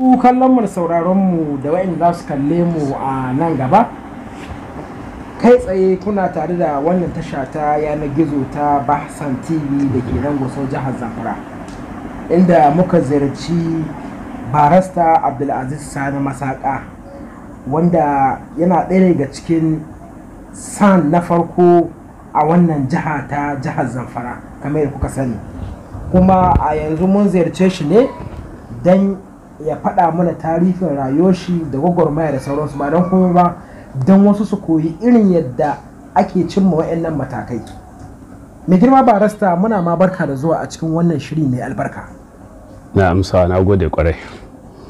ku kallon mu da sauraron mu da wa'in za su kalle mu a nan gaba kai tsaye kuna tare da wannan tasha ta yanar gizo ta bahsan tv da ke nan gusau jihar zamfara inda muka ziyarci barasta abdulaziz sani masaka wanda yana ɗaya daga cikin san na farko a wannan jiha ta jihar zamfara kamar yadda kuka sani kuma a yanzu mun ziyarce shi ne don ya faɗa mana tarihin rayoshi da gwagwarmaya da sauransu ba don kuma ba don wasu su koyi irin yadda ake cimma wa'annan matakai mai girma ba rasta muna ma barka da zuwa a cikin wannan shiri mai albarka na amsa na gode kwarai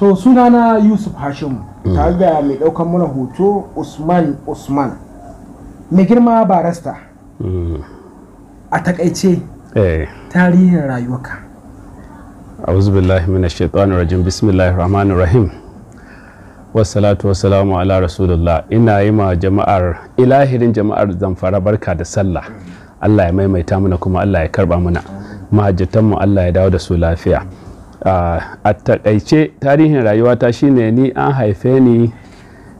to sunana yusuf hashim mm. tare da mai ɗaukan mana hoto usman usman mai girma rasta mm. a takaice eh. tarihin rayuwarka أعوذ بالله من الشيطان الرجيم بسم ala rasulullah ina yi ma jama'ar ilahirin jama'ar zamfara barka da sallah allah ya maimaita mana kuma allah ya karba mana mahajjatanmu allah ya dawo da su lafiya a takaice tarihin rayuwata shine ni an haife ni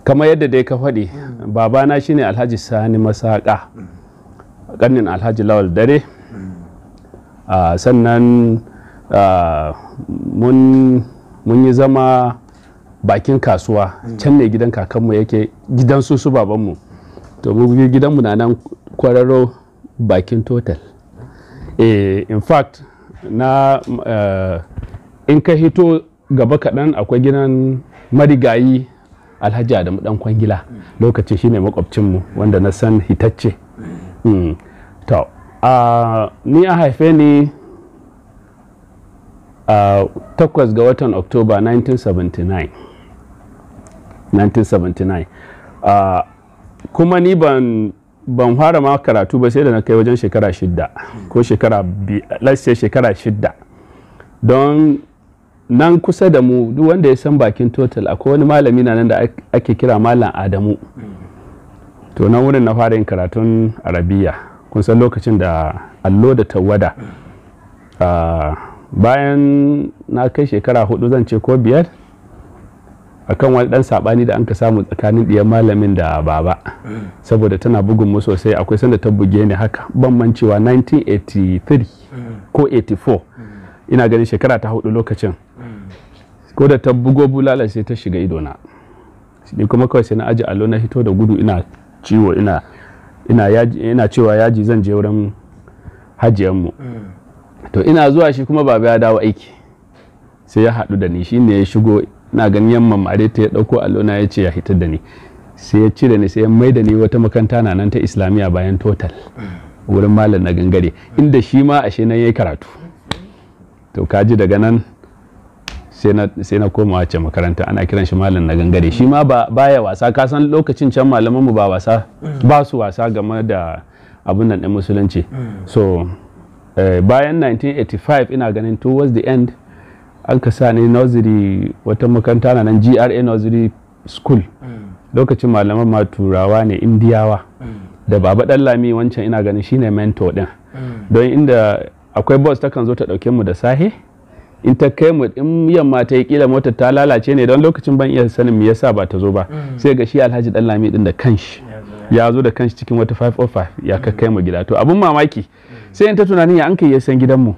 kamar yadda dai faɗi babana shine alhaji sani masaƙa ƙarnin alhaji lawal dare sannan Ah, mun yi zama bakin kasuwa hmm. can ne gidan kakanmu yake gidan su su babanmu to mu gidanmu na nan kwararo bakin total eh, in fact na eh, in ka hito gaba kaɗan akwai gidan marigayi alhaji adamu ɗan kwangila hmm. lokaci shine makwabcinmu wanda na san hitacce hmm. to ah, ni a haife ni Uh, takwas ga watan oktoba 1979 uh, kuma ni ban fara ma karatu ba sai da na kai wajen shekara shidda ko shekara lasse shekara shidda don nan kusa da mu duk wanda ya san bakin total akwai wani malami na nan da ake kira malam adamu to nan wurin na fara yin karatun arabiya kun san lokacin da allo da tawada uh, bayan na kai shekara hudu zan ce ko biyar a kan wani dan sabani da an ka samu tsakanin ɗiyan malamin da baba saboda tana bugun mu sosai akwai sanda ta buge ni haka ban mancewa 1983 ko 84 ina ganin shekara ta hudu lokacin ko da ta bugo bulala sai ta shiga idona ni kuma kawai sai na aji allo na hito da gudu ina ciwo ina cewa yaji zan je wurin mu. to ina zuwa shi kuma baba ya dawo aiki sai ya haɗu da ni shi ne ya shigo na ganin yamma mare ta ya ɗauko allona ya ce ya hitar da ni sai ya cire ni sai ya mai da ni wata makaranta na nan ta islamiyya bayan total wurin malam na gangare inda shi ma ashe nan ya yi karatu to kaji daga nan sai na koma wace makaranta ana kiran shi malam na gangare shi ma baya wasa ka san lokacin can malaman ba wasa ba su wasa game da abin nan ɗin musulunci so Eh, bayan 1985 ina ganin towards the end an ka sa ni nursery wata makaranta na nan gra nursery school mm. lokacin malaman ma turawa ne indiyawa mm. da baba lami wancan ina ganin shine mentor ɗin mm. don inda akwai bus takan zo ta ɗauke mu da sahe in ta kai mu in yamma ta yi kila mota ta lalace ne don lokacin ban iya sanin me yasa ba ta zo ba sai ga shi alhaji lami ɗin da kanshi ya zo da kanshi cikin wata 505 ya ka kai mu gida to abun mamaki sai ta tunani ya an kai ya san gidanmu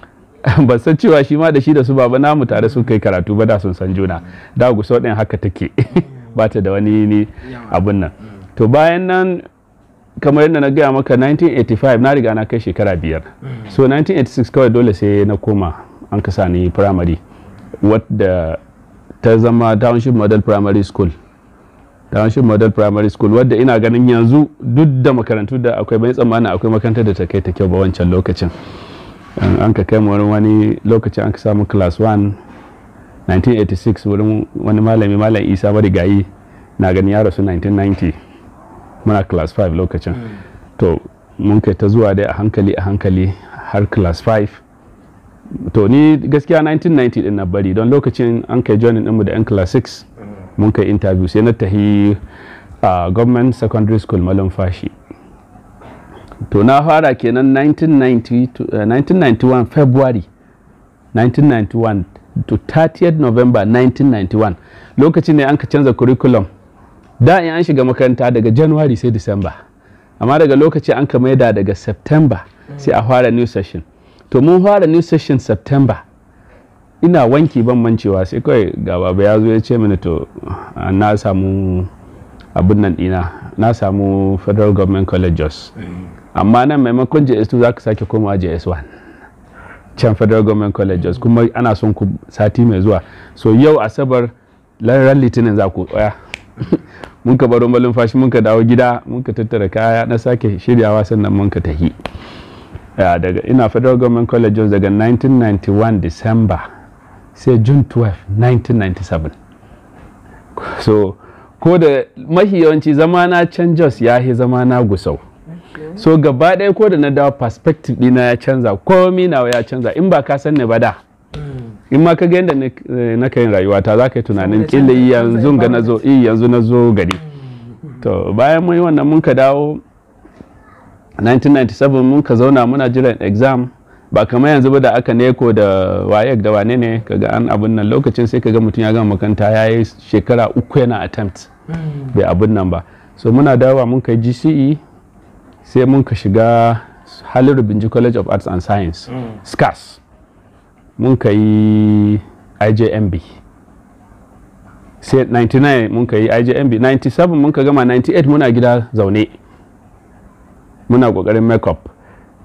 ban san cewa shi ma da shi da su baba mu tare sun kai karatu ba da sun san juna da gusau ɗin haka take ba ta da wani ne abun nan to bayan nan kamar yadda na gaya maka 1985 na riga na kai shekara biyar so 1986 kawai dole sai na koma an kasa ni primary wadda ta zama township model primary school yawancin model primary school wadda ina ganin yanzu duk da makarantu da akwai bai tsammanin akwai makaranta da ta kai ta kyau ba wancan lokacin an ka kai wani wani lokacin an ka samu class 1 1986 wurin wani malami malam isa marigayi na gani ya rasu 1990 muna class 5 lokacin hmm. to mun kai ta zuwa dai a hankali a hankali har class 5 to ni gaskiya 1990 din na bari don lokacin an kai joining ɗinmu da 'yan class 6 mun kai interview sai na tafi a government secondary school malam fashi to na fara kenan 1991 eh, february 1991 to 30th november 1991 lokacin ne an ka canza curriculum da in an shiga makaranta daga january sai december amma daga lokaci an ka maida daga september sai a fara new session to mun fara new session september ina wanki ban mancewa sai kawai ga baba ya zo ya ce mini to ah, na samu abin nan dina na samu federal government colleges eh. amma nan maimakon js2 za ka sake komawa js1 can federal government colleges kuma ana son ku sati mai zuwa so yau asabar ran litinin za ku tsaya mun ka baro malin fashi mun ka dawo gida mun ka tattara kaya na sake shiryawa sannan mun ka tahi ah, daga ina federal government colleges daga 1991 december sai june 12 1997 so ko da mahi yawanci zama na jos ya yi na gusau so gaba ɗaya ko da na dawo perspective ɗina ya canza komi nawa ya canza in ba ka san ne ba da in ma ka yadda na eh, kayin rayuwata za ka yi tunanin kila yanzu ga na zo eh, yanzu na zo gari to bayan mun yi wannan mun ka dawo 1997 mun ka zauna muna jiran exam ba kamar yanzu ba da aka neko da wayek da wane ne kaga an abin nan lokacin sai kaga mutum ya gama makaranta ya yi shekara uku yana attempt hmm. bai abin nan ba so muna dawa mun kai gce sai mun ka shiga halin rubinji college of arts and science hmm. scars mun ka yi ijmb sai 99 mun ka yi ijmb 97 mun ka gama 98 muna gida zaune muna kokarin makeup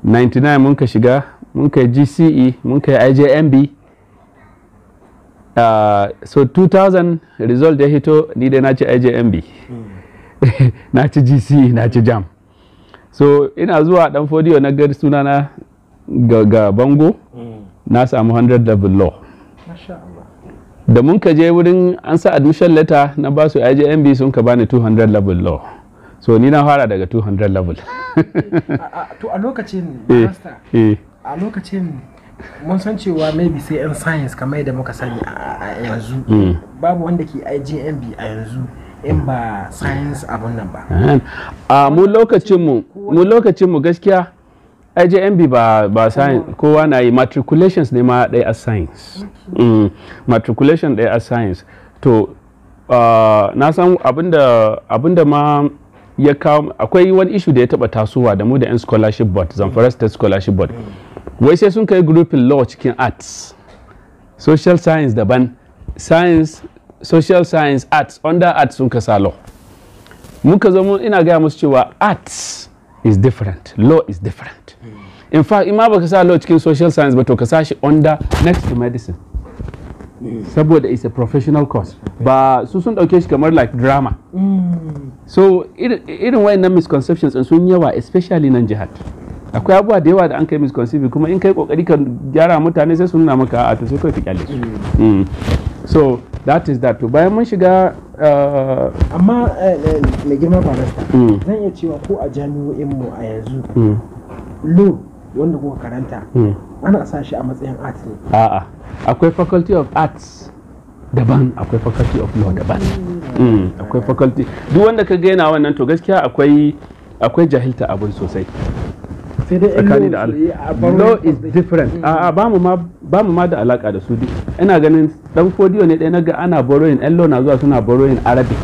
99 mun ka shiga mun kai gce mun kai ijmb uh, ah, so 2000 result ya hito ni dai na ci ijmb na ci gce na ci jam so ina zuwa dan fodiyo na gari suna na ga ga bango mm. na samu 100 level law da mun ka je wurin an sa admission letter na basu ijmb sun ka bani 200 level law so ni na fara daga 200 level to a lokacin eh, master eh. a lokacin mun san cewa maybe sai yan science kamar yadda muka sani a yanzu hmm. babu wanda ke IGMB a yanzu in ba science abun nan ba a mu lokacin mu mu lokacin mu gaskiya IJMB ba ba science kowa na yi matriculations ne ma ɗaya a science hmm. matriculation ɗaya a science to na san abinda ma ya kawo akwai wani issue da ya taba tasowa da mu da 'yan scholarship board zamfara state scholarship board mm. wai sai sun kai grouping law cikin arts social science daban science social science arts under arts sun kasa law muka zama ina gaya musu cewa arts is different law is different in fact ima baka sa law cikin social science ba to ka sa shi under next to medicine saboda it's a professional course ba su sun dauke shi kamar like drama mm. so irin wayannan misconceptions sun yawa especially nan jihar akwai abubuwa da yawa da an kai misconceive kuma in kai kokari ka gyara mutane sai sun nuna maka a ah, ta sai kai fi kyale mm. Mm. so that is that to bayan mun shiga uh, amma eh, eh, mai girma barasta mm. zan iya cewa ko a jami'o'in mu a yanzu lo wanda kuka karanta ana sa shi a matsayin art ne a'a akwai faculty of arts daban akwai faculty of law daban akwai faculty duk wanda ka gaina wannan to gaskiya akwai akwai jahilta abin sosai tsakani da law is different a'a ba mu ma ba mu ma da alaka da su duk ina ganin dan fodiyo ne ɗaya na ga ana borrowing yan law na zuwa suna borrowing arabic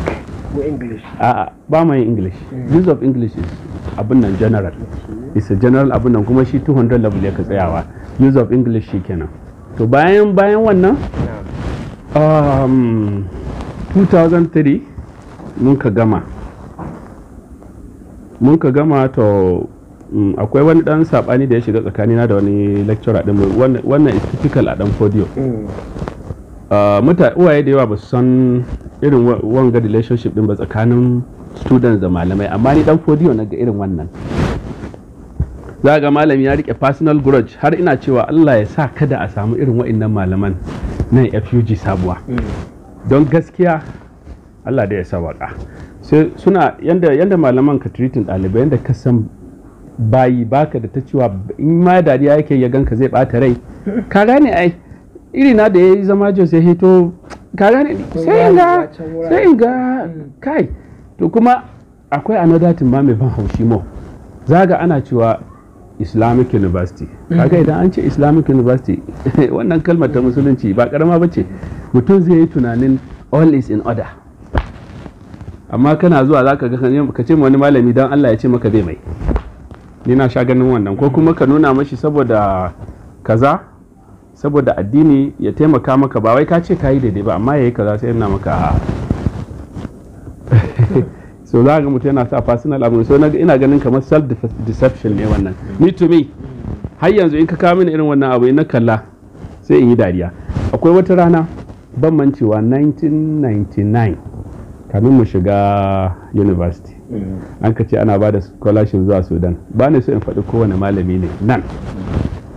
ko english a'a ba mu yin english hmm. use of english is abin nan general is a general abin nan kuma shi 200 level ya ka tsayawa use of english shi kenan to bayan bayan wannan 2003 um, mun ka gama mun ka gama to Mm, akwai wani dan sabani da ya shiga tsakanina da wani lecturer din wannan is typical a dan podio mm. ah, mutane uwaye da yawa ba su san irin wanga relationship din ba tsakanin students da malamai amma ni dan podio na ga irin wannan za ga malami ya rike personal grudge har ina cewa Allah ya sa kada a samu irin wa'annan malaman nan FUG sabuwa mm. don gaskiya Allah da ya sawaka sai suna yanda malaman ka treating ɗalibai yanda ka san bayi baka da ta cewa in ma dariya yake ya ganka zai bata rai ka gane ai iri na da yi zama jos ya hito ka gane sai in ga sai in ga kai to kuma akwai anadatin ma mai ban haushi mo zaga ana cewa islamic university kaga idan an ce islamic university wannan kalmar ta musulunci ba karama ba ce mutum zai yi tunanin all is in order amma kana zuwa za ka ga ka ce wani malami don allah ya ce maka bai mai ni na sha ganin wannan ko kuma ka nuna mashi saboda kaza saboda addini ya taimaka maka ba wai ka ce ka yi daidai ba amma ya yi kaza sai yana maka so za ga mutum yana sa personal abu so ina ganin kamar self deception ne wannan me to me har yanzu in ka kawo mini irin wannan abu na kalla sai in yi dariya akwai wata rana ban mancewa 1999 kamin mu shiga university an ka ce ana ba da scholarship zuwa sudan ba ne so in faɗi kowane malami ne nan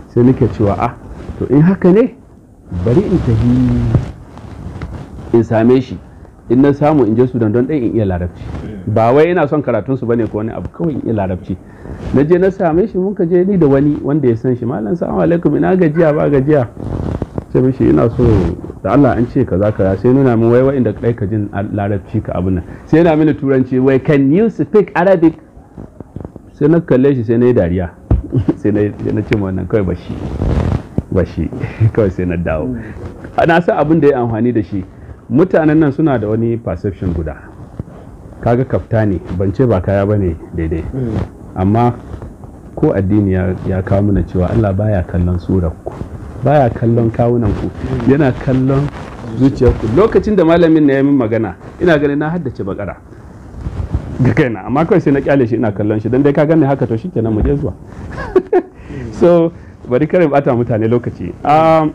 sai nake cewa a. Ah, to in haka ne bari in tafi in same shi in na samu in je sudan don ɗan in iya larabci ba wai ina son karatun su ne ko wani abu kawai in iya larabci na je na same shi mun ka je ni da wani wanda ya san shi malam salamu alaikum ina gajiya ba gajiya sai mishi ina so da Allah an ce ka za ka sai nuna min wai inda kai ka jin larabci ka abin nan sai yana mini turanci wai can you speak arabic sai na kalle shi sai na yi dariya sai na ce wannan kawai ba shi ba shi kawai sai na dawo hmm. na san abin da ya amfani da shi mutanen nan suna da wani perception guda kaga kafta ne ban ce ba kaya ba ne daidai hmm. amma ko addini ya kawo mana cewa Allah baya kallon surar ku baya kallon kawunan ku yana kallon zuciyarku lokacin da malamin na ya magana ina ganin na haddace bakara ga kaina amma kawai sai na kyale shi ina kallon shi dan dai ka gane haka to shikenan mu je zuwa so bari kare bata mutane lokaci um,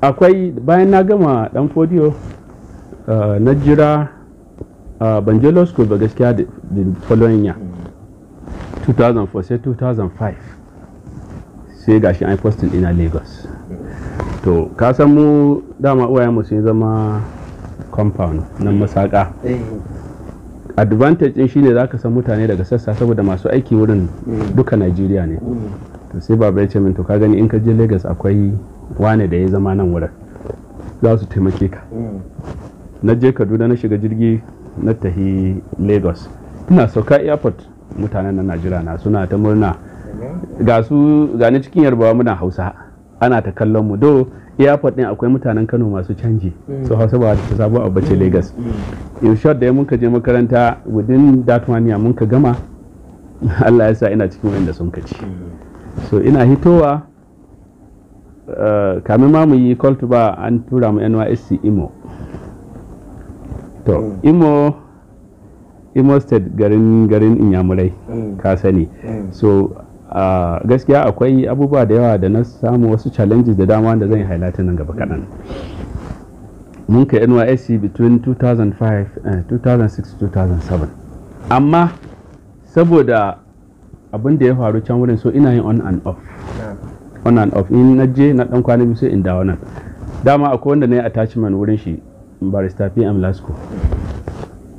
akwai bayan na gama dan fodiyo uh, na jira uh, ban je law school ba gaskiya da following year 2004 sai 2005 sai gashi an posting ina lagos to ka san mu dama uwaye mu sun zama compound na masaka eh. advantage din shine zaka san mutane daga sassa saboda masu aiki wurin mm. duka Najeriya ne mm. to sai baba ya ce min to ka gani in ka je Lagos akwai wane da ya zama nan wurin za su taimake ka mm. na je Kaduna na shiga jirgi na tahi Lagos ina sauka airport mutanen na najira na suna ta murna ga su gani cikin yarbawa muna hausa ana ta kallon mu do airport akwai mutanen kano masu canji so mm. hausa ba ta sabon a bace mm. lagos mm. in short da mun ka je makaranta within that one year mun ka gama allah ya sa ina cikin wanda sun ka ci so ina hitowa uh, kamin ma mu yi call to ba an tura mu nysc imo to imo imo state garin garin inyamurai ka sani so gaskiya akwai abubuwa da yawa da na samu wasu challenges da dama da zan yi highlight nan gaba kaɗan mun ka nysc between 2005-2006-2007 eh, amma saboda abin da ya faru can wurin so ina yin on and off on and off in na je na dan kwana biyu sai in dawo nan dama akwai wanda na yi attachment wurin shi barista pm lasco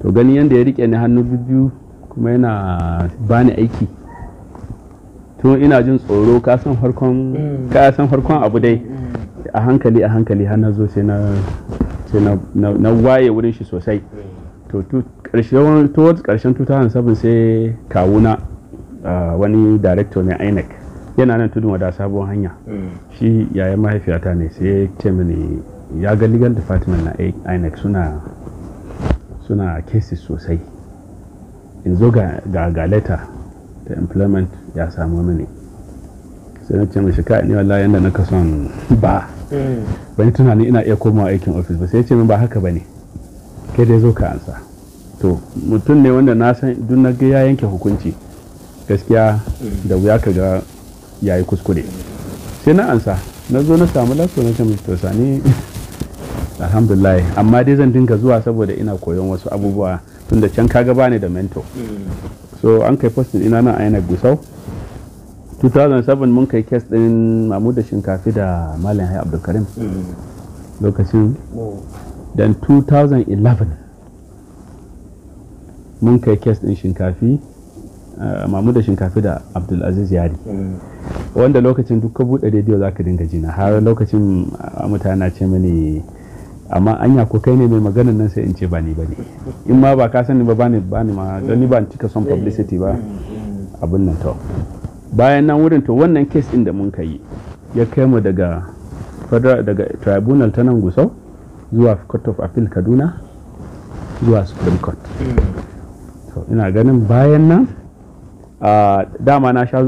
to gani yadda ya rike ni hannu biyu kuma yana bani aiki tun ina jin tsoro ka san farkon mm. abu dai mm. a hankali a hankali har na zo sai na waye wurin shi sosai mm. to towards karshen 2007 sai kawuna wani director ne inec yana nan tudun wada sabon hanya shi yayan mahaifiyata ne sai ya ya ga legal department na inec suna suna cases sosai in zo ga galata. da employment ya samu mini sai na ce mashi ni wallahi yadda na kason ba hmm. bani tunani ina iya komawa aikin ofis ba sai ce min ba haka ba ne kai dai zo ka ansa to mutum ne wanda na san duk na ya yanke hukunci gaskiya da wuya ka ga yayi kuskure sai na ansa na zo na samu lafiya na ce mashi to sani alhamdulillah amma dai zan dinga zuwa saboda ina koyon wasu abubuwa tunda can kaga bani da mentor hmm. so an kai postin ina nan a yanar gusau 2007 mun kai kes din mamu da shinkafi da malin hai abdulkarim mm-hmm. lokacin dan 2011 mun kai kes din shinkafi eh, mamu da shinkafi da abdulaziz yari mm-hmm. wanda lokacin duk ka buɗe rediyo za ka dinga jina har lokacin eh, mutane ce mani. amma anya ko kai ne mai maganin nan sai in ce ba ni ba ne in ma ba ka sani ba bani bani ma don ni ba cika son publicity ba abin nan to bayan nan wurin to wannan case din da mun kai ya kai mu daga federal daga tribunal ta nan gusau zuwa court of appeal kaduna zuwa supreme court to ina ganin bayan nan dama na sha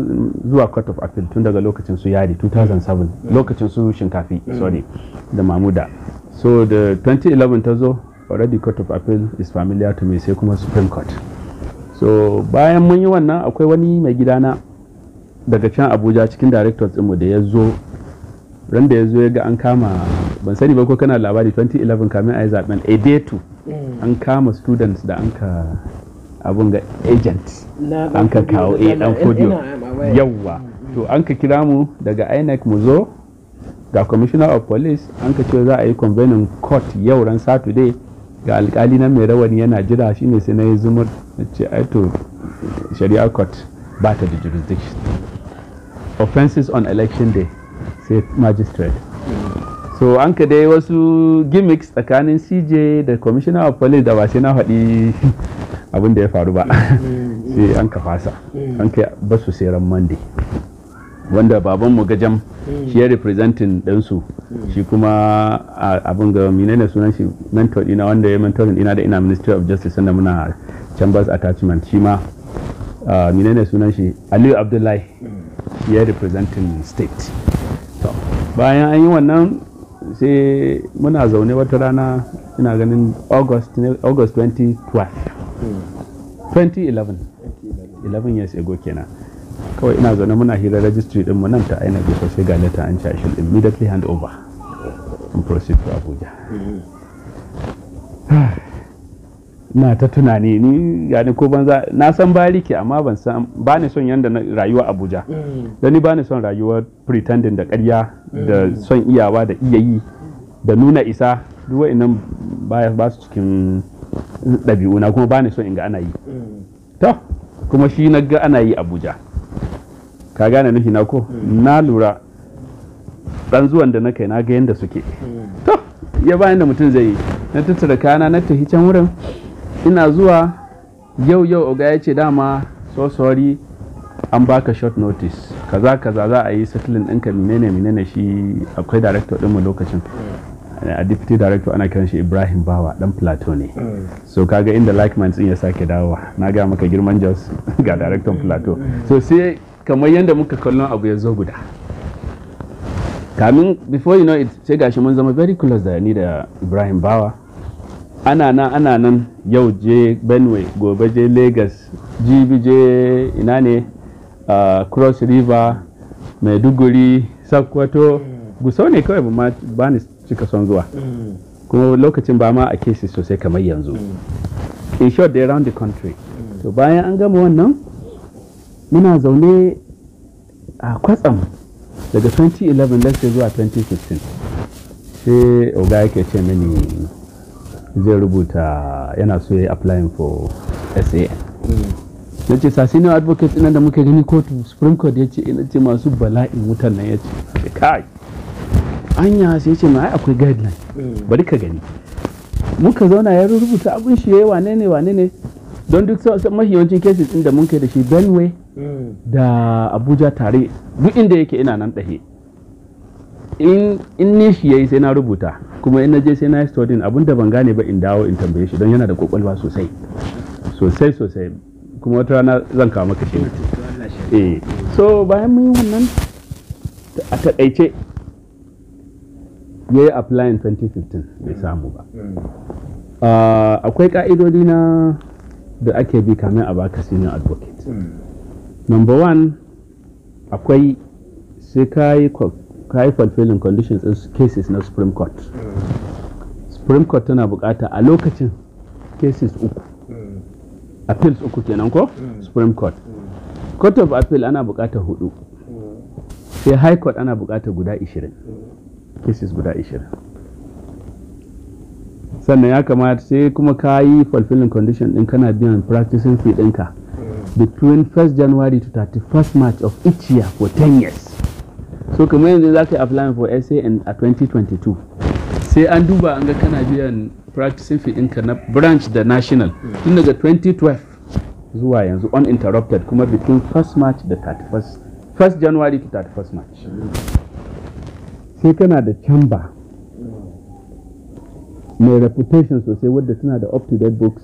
zuwa court of appeal tun daga lokacin su yari 2007 lokacin su shinkafi sorry da mamuda so da 2011 ta zo already court of appeal is familiar to me sai kuma supreme court so bayan mun yi wannan akwai wani mai gidana daga can abuja cikin directors mu da ya zo randa ya zo ya ga an kama ban sani ba ko kana labari 2011 kamin a yi zaben a day two mm. an kama students da an ka abun ga agent an ka kawo a dan kodiyo yawwa to an ka kira mu daga inec mu zo ga commissioner of police an ka ce za a yi convening court yau ran saturday ga alkali na mai rawani yana jira shine sai na yi zumur na ce aito shari'a court ba ta da jurisdiction offenses on election day sai magistrate so an ka dai wasu gimmicks tsakanin cj da commissioner of police da ba sai na haɗi abin da ya faru ba sai an ka fasa mm. an ka basu sai ran monday wanda baban mu gajam hmm. shi ya representing ɗansu hmm. shi kuma abin ga menene sunan shi mentor dina wanda ya mentorin dina da ina ministry of justice sannan muna chambers attachment shi ma menene sunan shi aliyu abdullahi hmm. shi ya representing state bayan an yi wannan sai muna zaune wata rana ina ganin august 2012 2011 11 years ago kenan kawai ina zaune muna hira registry din mu nan ta aina bisa sai ga letter an ci shall immediately hand over and proceed to Abuja na ta tunani ni yani ko banza na san bariki amma ban san ba ni son yanda na rayuwa Abuja mm. dan ni ba ni son rayuwar pretending da ƙarya da mm. son iyawa da iyayi da nuna isa duk wa'annan ba su cikin ɗabi'una kuma ba ni son in ga ana yi mm. to kuma shi na ga ana yi Abuja ka gane nufi na ko hmm. na lura ɗan zuwan da na kai na ga yadda suke hmm. to ya bayan da mutum zai yi na tattara kana na tafi can wurin ina zuwa yau yau oga ya ce dama so sorry an baka short notice kaza kaza za a yi settling ɗinka menene menene shi akwai director ɗinmu lokacin hmm. a deputy director ana kiran shi ibrahim bawa dan plateau ne hmm. so kaga inda like minds ya sake dawowa na ga maka girman jos ga director plateau hmm. so sai kamar yadda muka kallon abu ya zo guda kamin before you know it sai gashi mun zama very close da ni da ibrahim bawa ana nan ana nan yau je benue gobe je lagos jibi je ina ne ah, cross river maiduguri sakwato hmm. gusau ne kawai ba ni suka son zuwa mm. kuma lokacin ba ma a kesi sosai kamar yanzu mm. in short dai around the country mm. to bayan an gama wannan muna zaune a kwatsam daga 2011 lecture zuwa 2016 sai oga yake ce mini zai rubuta yana so ya yi applying for sa na ce sasino advocate ina da muka gani kotu supreme court ya ce ina ce masu bala'in wutan nan ya ce kai anya sai ce mai akwai guideline bari ka gani muka zauna ya rubuta abin shi yayi wane ne wane ne don duk mafi yawancin cases din da mun kai da shi Benue da Abuja tare duk inda yake ina nan dahe in ni shi yayi sai na rubuta kuma in naje sai na studying abin da ban gane ba in dawo in tambaye shi don yana da kokwalwa sosai sosai sosai kuma wata rana zan kawo maka shi eh so bayan mun yi wannan a takaice ya yi applying 2015 bai mm. samu ba mm. ah, akwai ka'idodi na da ake bi kamin a baka senior advocate mm. number one akwai sai ka yi fulfilling conditions in cases na supreme court supreme court tana bukata a lokacin cases uku appeals uku kenan ko supreme court court of appeal ana bukata hudu sai high court ana bukata guda 20 cases guda 20 sannan ya kamata sai kuma ka yi fulfilling condition din kana biyan practicing fee ɗinka between 1st january to 31st march of each year for 10 years so kamar yanzu za ka yi applying for san a 2022 sai an duba an ga kana biyan practicing fee ɗinka na branch da national tun daga 2012 zuwa yanzu uninterrupted kuma between 1st march da 31st 1st january to 31st march sai kana da chamber mai reputation sosai wadda tana da up-to-date books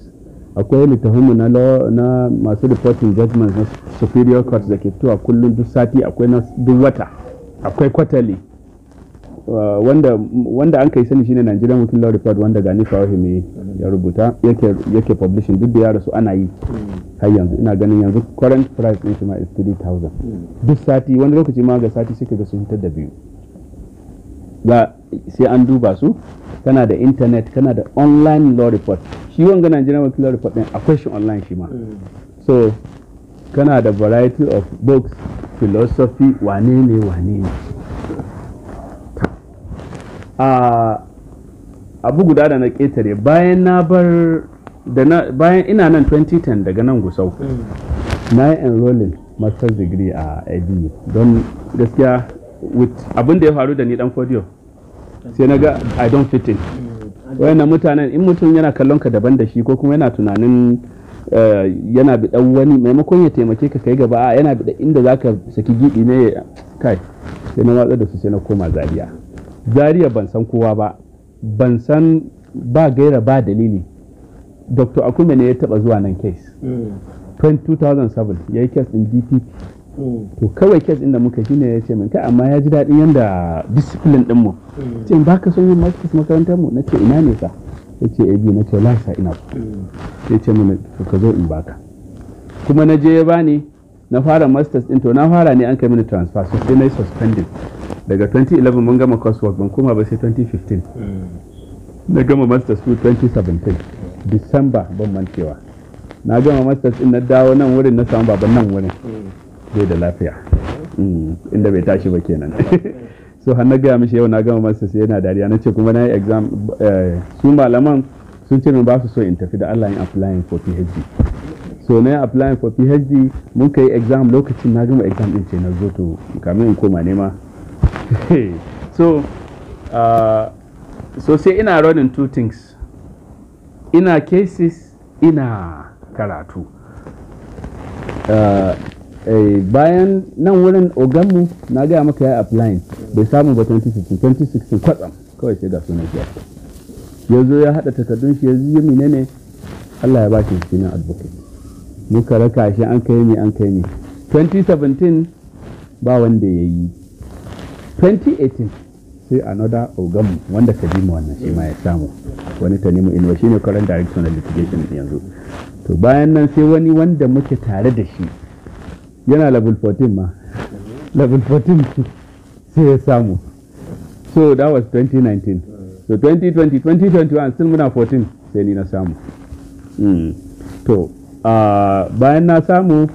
akwai littafinmu na na masu reporting judgment na superior court da ke tuwa kullum duk sati akwai na duk wata akwai kwatali uh, wanda an kai sani shine Nigerian Wikil Law Report wanda Gani mai ya rubuta yake publishing duk da ya rasu ana yi har yanzu ina ganin yanzu current price din shi ma is 3000 hmm. duk sati wani lokaci ma ga sati suke ga su hitar da biyu za sai an duba su kana da intanet kana da online law report shi wanga Nigerian Wakil Law Report din akwai shi online shi ma mm. so kana da variety of books philosophy wane ne wane ne ah, abu guda da na ƙetare bayan na bar bayan ina nan 2010 daga nan gusau mm. na yi enrolling master's degree a edu don gaskiya abin da ya faru da ni dan fodiyo sai na ga i don't fit in wayannan mutanen in mutum yana kallon ka daban da shi ko kuma yana tunanin eh, yana dan wani maimakon ya taimake ka kai gaba yana bi inda zaka saki gidi ne kai sai na watsa da su sai na koma zariya Zariya ban san kowa ba ban san ba gaira ba dalili dr akume ne ya taba zuwa nan case 2007 mm. ya yi case din dpp Hmm. to kawai kes inda muka shi ne ya ce min kai amma ya ji daɗin yadda discipline ɗin mu hmm. ce ba ka son yin masters makarantar mu na ce ina ne sa ya ce abi na ce lasa ina hmm. ya ce min ka zo in baka kuma na je ya bani na fara masters din to na fara ne an kai mini transfer so sai na yi suspending daga 2011 mun gama coursework ban koma ba sai 2015 na gama masters 2017 December ban mantewa na gama masters din na dawo nan wurin na samu baban nan wurin bai da lafiya mm, inda bai tashi ba kenan so har na gaya mishi yau na gama masa sai yana dariya na ce kuma na yi exam eh, su malaman sun ce ba su so in tafi da Allah yin applying for PhD so na yi applying for PhD mun kai exam lokacin na gama exam din ce na zo to kamin in koma nema so ah, so sai ina running two things ina cases ina karatu ah, Eh, bayan nan wurin oganmu na gaya maka ya applying bai samu ba 2016 2016 kwatsam kawai sai suna shi ya zo ya haɗa takardun shi ya zuye mine ne Allah ya bashi shi na advocate muka raka shi an kai ni an kai ni 2017 ba wanda ya yi 2018 sai another ogamu wanda ka ji wannan shi ma ya samu wani nemo inuwa shi ne current director na litigation yanzu to bayan nan sai wani wanda muke tare da shi yana level 14 ma level 14 sai ya samu so that was 2019 so 2020 2021 still muna 14 sai ni na samu mm. to uh, bayan na samu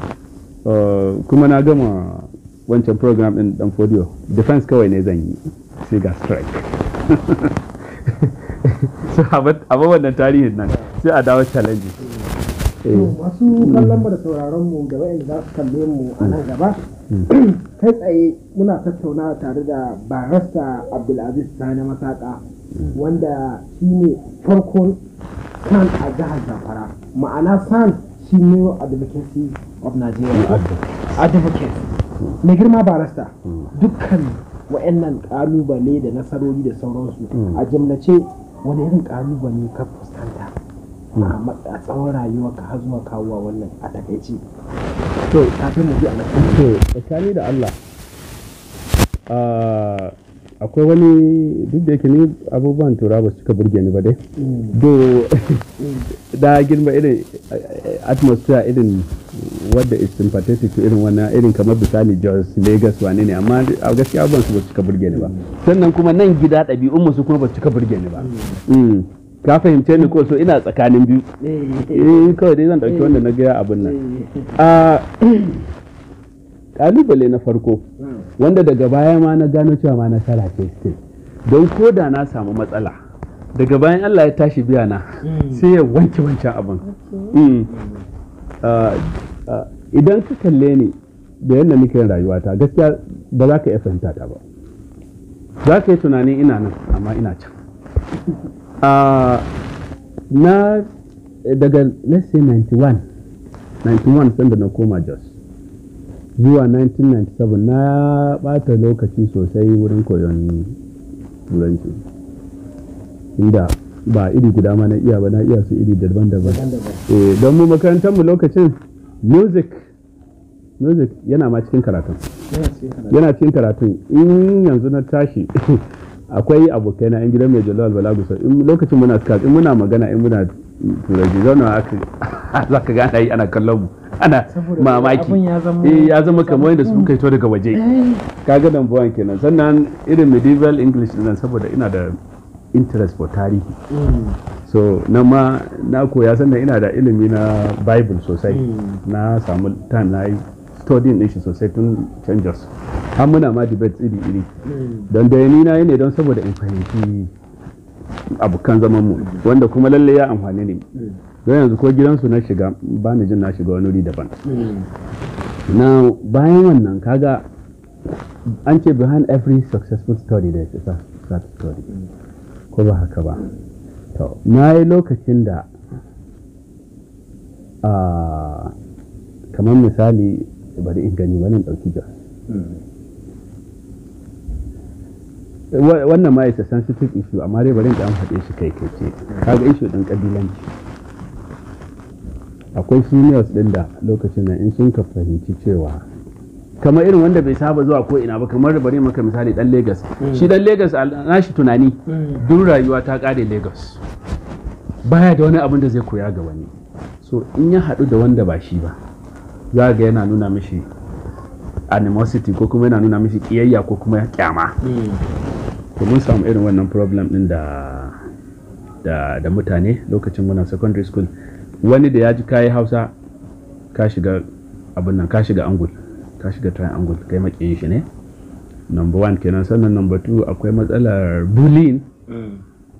uh, kuma na gama wancan program din dan fodiyo defense kawai ne zan yi sai ga strike so abubuwan tarihin nan sai a dawo challenges Wasu eh. kallon da sauraron mu da wayan za su kalle mu a nan gaba mm. kai tsaye muna tattauna tare da barasta abdulaziz sani masaka mm. wanda shi ne farkon kan a jihar zafara ma'ana san shi ne advocacy of nigeria mm, advocate mai girma barasta dukkan wa'annan kalubale da nasarori da sauransu a jimlace wani irin kalubale ka fuskanta Hmm. a tsawon rayuwa ka har zuwa kawowa wannan a takaici to kafin mu ji a to tsakani da Allah akwai wani duk da yake ni abubuwan tura ba suka burge ni ba dai do hmm. hmm. da girma irin atmosphere irin wadda is sympathetic to irin wannan irin kamar bisani Jos Lagos Wani ne amma a gaskiya abubuwan su ba suka burge ni ba sannan kuma nan gida ɗabi'un su kuma ba suka burge ni ba ka fahimce ni ko so ina tsakanin biyu eh, eh kawai dai zan dauki wanda na gaya abin nan eh. a kalibale na farko hmm. wanda daga baya ma na gano cewa ma nasara ce ce don ko da na samu matsala daga bayan Allah ya tashi biya na hmm. sai ya wanke wancan abin hmm. idan ka kalle ni da yadda nake yin rayuwata gaskiya ba za ka iya fahimta ta ba za ka yi tunanin ina nan amma ina can Ah, na daga let's say 91 91 sanda na koma jos zuwa 1997 na bata lokaci sosai wurin koyon turanci inda ba iri guda ma na iya ba na iya su iri daban-daban eh, don mu makarantar mu lokacin music music yana ma cikin karatun yana cikin karatun in yanzu na tashi akwai abokai na yan gidan mai jalal balagu sau in lokacin muna skype in muna magana in muna turanci zauna aka za ka gana yi ana kallon mu ana mamaki eh ya zama kamar yadda sun to daga waje eh. Ka dan buwan kenan sannan irin medieval english nan saboda ina da interest for tarihi mm. so na ma na koya sannan ina da ilimi na bible sosai mm. na samu time na yi studying din shi sosai tun changers. har muna ma debates iri iri don da na yi ne don saboda in fahimci abokan zaman mu wanda kuma lalle ya amfani ne don yanzu ko gidansu na shiga ba ni jin na shiga wani wuri daban na bayan wannan kaga an ce behind every successful story da ya sad story ko ba haka ba to na yi lokacin da ah, kamar misali bari in gani ɗauki wannan ma isa sensitive issue amma dai bari in ɗan faɗe shi kai kai ce kaga issue ɗin kabilanci akwai seniors ɗin da lokacin nan in sun ka fahimci cewa kamar irin wanda bai saba zuwa ko ina ba kamar bari maka misali dan Lagos mm. shi dan Lagos na shi tunani mm. duk rayuwa ta kare Lagos baya da wani abin da zai koya ga wani so in ya haɗu da wanda ba shi ba za ga yana nuna mishi animosity ko kuma yana nuna mishi kiyayya ko kuma kyama to mun samu irin wannan problem din da da, mutane lokacin muna secondary school wani da ya ji kayi hausa ka shiga abin nan ka shiga angul ka shiga triangle kai makiyin shi ne number one kenan sannan number two akwai matsalar bullying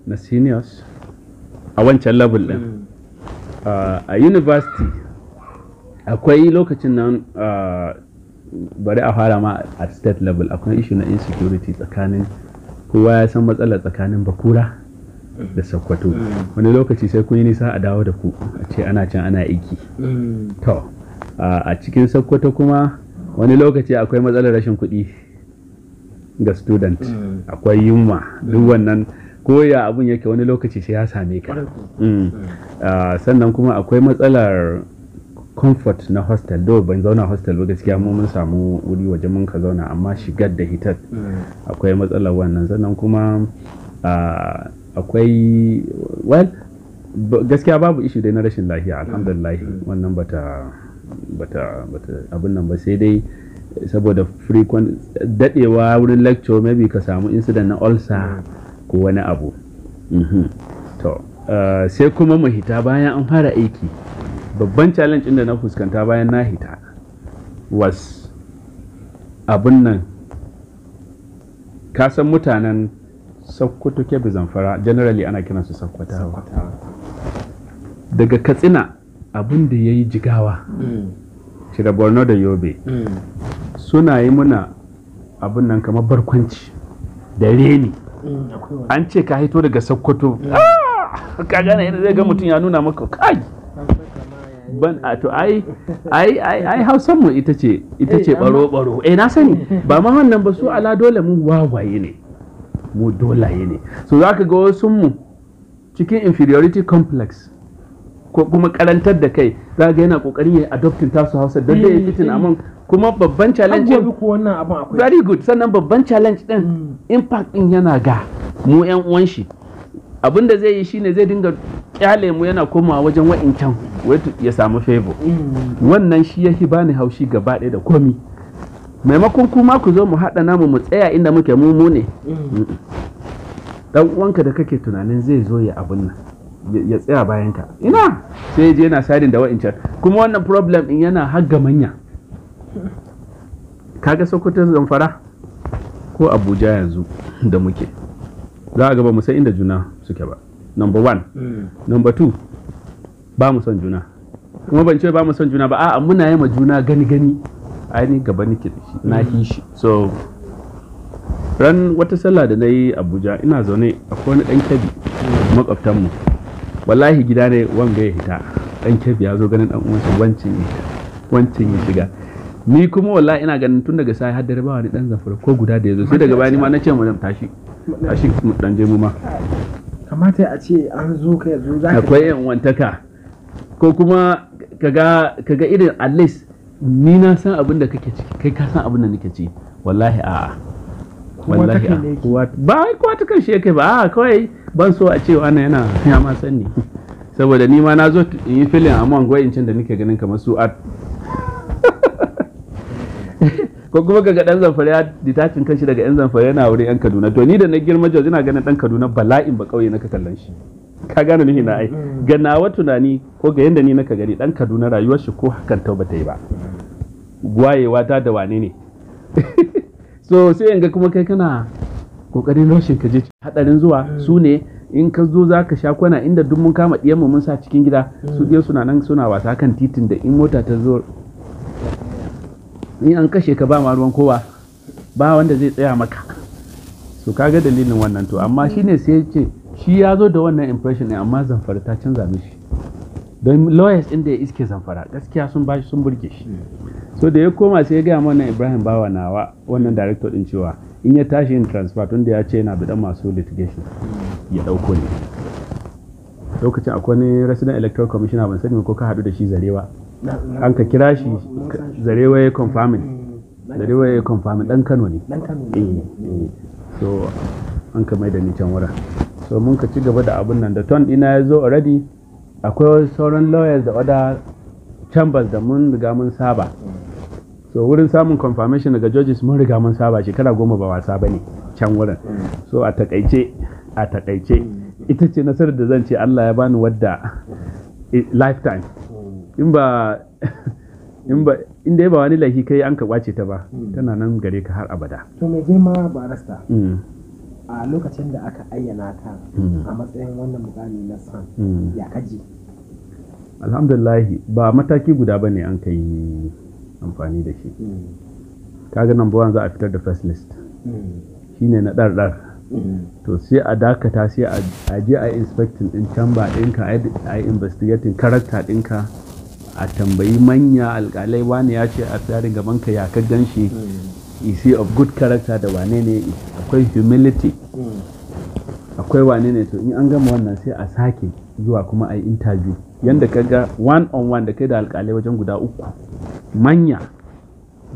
na seniors a wancan level din mm. uh, a university akwai lokacin nan bari a fara ma a state level akwai ishu na insecurity tsakanin kowa ya san matsala tsakanin bakura da sakwato mm. wani lokaci sai kun yi nisa a dawo da ku a ce ana can ana iki. Mm. to a cikin sakwato kuma wani lokaci akwai matsalar rashin kuɗi ga student mm. akwai yunwa duk wannan koya abun yake wani lokaci sai ya same ka sannan kuma akwai matsalar comfort na hostel do ban zauna hostel ba gaskiya mu mun samu wuri waje mun ka zauna amma shigar da hitar mm. akwai matsalar wannan sannan kuma akwai well gaskiya babu ishi dai na rashin lafiya mm. alhamdulillah mm. wannan bata bata bata abin nan ba sai dai saboda frequent dadewa wurin lecture maybe ka samu incident na ulcer ko wani abu mhm. to sai kuma mu hita bayan an fara aiki babban challenge inda na fuskanta bayan na hita was abin nan kasan mutanen sakkwato kebe zamfara generally ana kiransu sakkwatawa daga katsina abin da ya yi jigawa mm. shida borno da yobe mm. suna yi muna abin nan kamar barkwanci da reni mm. an ce ka hito daga sakkwato ah! ka gane yadda zai ga mutum ya nuna maka kai ban a to ai ai ai ai hausan mu ita ce ita ce baro eh, eh. baro eh na sani ba ma wannan ba su ala dole mu wawaye ne mu dolaye ne so zaka ga wasu mu cikin inferiority complex ko kuma karantar da kai za ga yana kokarin ya adoptin tasu hausa dan dai hmm, fitin hmm. amon kuma babban challenge very good sannan babban challenge din hmm. impact din yana ga mu yan uwan shi abin da zai yi shine zai dinga kyale mu yana komawa wajen wa'incan ya samu favor wannan shi ya bani haushi gaba ɗaya da komi maimakon kuma ku zo mu haɗa namu mu tsaya inda muke mu ne mm. dan uwanka da kake tunanin zai zo ya abin nan ya tsaya bayan ka ina sai je yana sadin da wa'incan kuma wannan problem din yana hagga manya kaga sokoto zamfara ko abuja yanzu da muke za a gaba musai san inda juna suke ba number one hmm. number two ba mu son juna kuma ban ce ba mu son juna ba a'a muna yi ma juna gani gani ainihin gaba nake da shi na hmm. yi shi so ran wata sallah da na yi abuja ina zaune akwai wani dan kyabi hmm. makwabtanmu wallahi gida ne wanga ya hita dan kyabi ya zo ganin dan uwansa wancin ya wancin ya shiga ni kuma wallahi ina ganin tun daga sai har dare ba wani dan zafura ko guda da ya zo sai daga baya ma na ce mu tashi a shi dan je ma kamata a ce an zo ka yanzu za ka akwai yan wantaka ko kuma kaga kaga irin at least ni na san abin da kake ciki kai ka san abin da nake ci wallahi a'a wallahi a'a ba kowa ta kan shi kai ba a kawai ban so a ce wannan yana ya ma sanni saboda ni ma na zo in yi filin amma gwai in da nake ganin kamar su at ko kuma ga dan zamfara ya ditakin kanshi daga yan zamfara yana wuri yan kaduna to ni da na girma jos ina ganin dan kaduna bala'in ba kauye naka kallon shi ka gane ni na ai mm. ga nawa tunani ko ga yanda ni naka gani dan kaduna rayuwar shi ko hakan ta yi ba gwayewa ta da wane ne so sai yanga kuma kai kana kokarin rashin ka je hadarin zuwa mm. su ne in ka zo za ka sha kwana inda duk mun kama diyanmu mun sa cikin gida su diyan mm. suna nan suna wasa kan titin da in mota ta zo in an kashe ka ba ma ruwan kowa ba wanda zai tsaya maka so kaga dalilin wannan to amma shine sai ce shi ya zo da wannan impression ne amma zamfara ta canza mishi don lawyers din da ya iske zamfara gaskiya sun bashi sun burge shi so da ya koma sai ya gaya mana ibrahim bawa nawa wannan director din cewa in ya tashi yin transfer tun da ya ce yana bidan masu litigation ya dauko ne lokacin akwai ne resident electoral commissioner ban sani ko ka hadu da shi zarewa an ka kira shi zarewa ya confirming mm. zarewa ya confirming dan kano ne eh, eh. so an ka mai da ni can wura. so mun ka ci gaba da abin nan da ton dina ya zo already akwai sauran lawyers da other chambers da mun riga mun saba so wurin samun confirmation daga judges mun riga mun saba shekara goma ba wasa ba ne can wurin so a takaice a takaice mm. ita ce nasarar da zan ce Allah ya bani wadda eh, lifetime in ba ya ba wani laifi kai an ka kwace ta ba mm. tana nan gare ka har abada to mai girma ba rasta mm. a lokacin da aka ayyana ta mm. a matsayin wannan mugani na san ya kaji alhamdulillah ba mataki guda ba ne an ka yi amfani da shi kaga nan bawan za a fitar da first list shine na ɗarɗar to sai a dakata sai a je a inspecting din chamber ɗinka a yi investigating character ɗinka a tambayi manya alkalai wani ya ce a tsarin gaban ka ya ka gan shi mm. isi of good character da wane ne akwai humility mm. akwai wane ne to in an gama wannan sai a sake zuwa kuma a yi interview yadda ka ga one on one da kai da alkalai wajen guda uku manya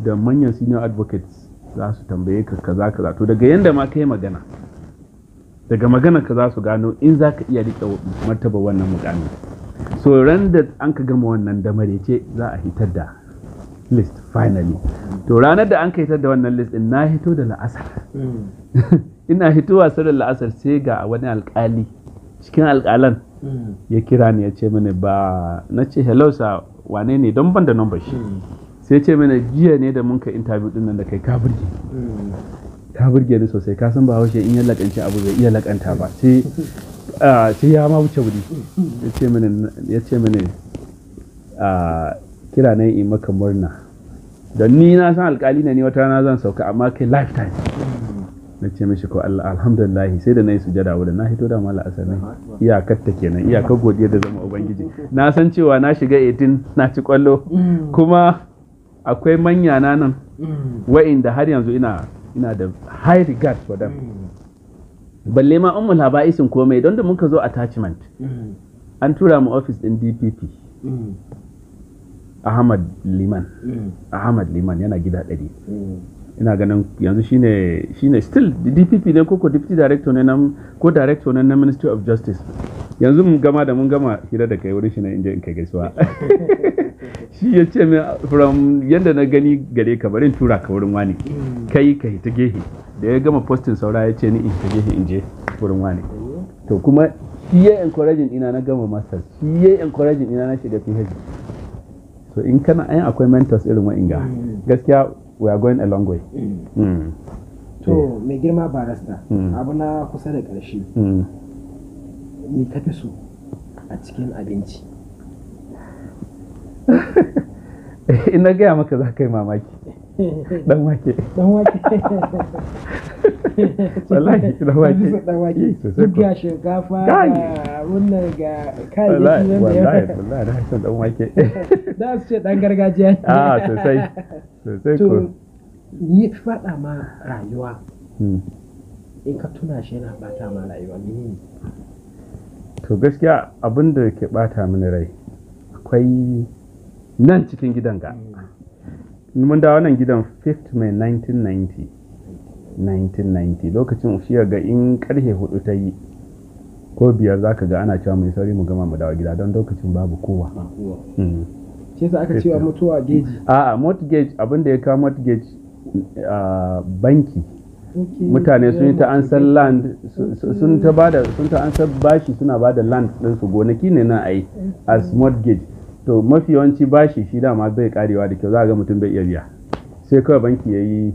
da manyan senior advocates za su tambaye ka kaza kaza to daga yadda ma ka yi magana daga magana ka za su gano in za ka iya riƙe martaba wannan mukamin so ran da an ka gama wannan da marece za a hitar da list finally to ranar da an ka hitar da wannan list in na hito da la'asar mm. ina hitowa sai da la'asar sai ga wani alkali cikin alkalan mm. ya kira ni ya ce mini ba na ce hello sa wane ne don ban da number shi mm. sai ce mana jiya ne da mun ka interview din nan da kai ka burge ka burge ni sosai ka san ba haushe in ya lakanci abu zai iya lakanta ba sai Ah, sai ya ma wuce wuri ya ce mini a ah, kira na yi maka murna don ni na san alkali ne wata rana zan sauka amma kai lifetime na ce mishi ko alhamdulillah sai da na yi sujada wurin na hito da mala asalin iyakar ta kenan iyakar godiya da zama ubangiji na san cewa na shiga 18 na ci kwallo kuma akwai manya na nan mm. wa'inda har yanzu ina da high regard for them balle ma ummul haba'isin komai don da muka zo attachment mm. an tura mu office din DPP mm. Ahmad Liman mm. Ahmad Liman yana gida ɗari ina ganin yanzu shine shine still DPP ne ko ko deputy director ne nan ko director ne na Ministry of Justice yanzu mun gama da mun gama hira da kai wurin shi ne inje in kai gaisuwa shi ya ce min from yadda na gani gare ka barin tura ka wurin wani kai kai ta gehe da ya gama postin saura ya ce ni in shige in je wurin wani to kuma shi ya encouraging ina na gama masters shi ya encouraging ina na shiga PhD so in kana ayin akwai mentors irin wa'inga mm. gaskiya we are going a long way mm. Mm. to mai girma barista abu na kusa da karshe. ni ka fi so a cikin abinci in na gaya maka za ka yi mamaki dan wake dan wake wallahi dan wake dan wake ga shinkafa wannan ga kai wallahi wallahi na san dan wake da su ce dan gargajiya a ah, sosai sosai ko ni fada ma rayuwa Hmm. in ka tuna shi yana bata ma rayuwa menene to gaskiya abinda da ke bata mini rai akwai nan cikin gidan ga hmm. mun dawo nan gidan 5th mai 1990 1990 lokacin shi ga in karfe hudu ta yi ko biyar za ka ga ana cewa mai sauri mu gama mu dawo gida don lokacin babu kowa ce hmm. yasa aka cewa mutuwa a a mortgage abin da ya kawo mortgage a banki mutane sun yi ta ansar land sun ta bada sun ta ansar bashi suna bada land din su gonaki ne na ai as mortgage to mafi yawanci bashi shi dama bai karewa da kyau za ga mutum bai iya biya sai kawai banki ya yi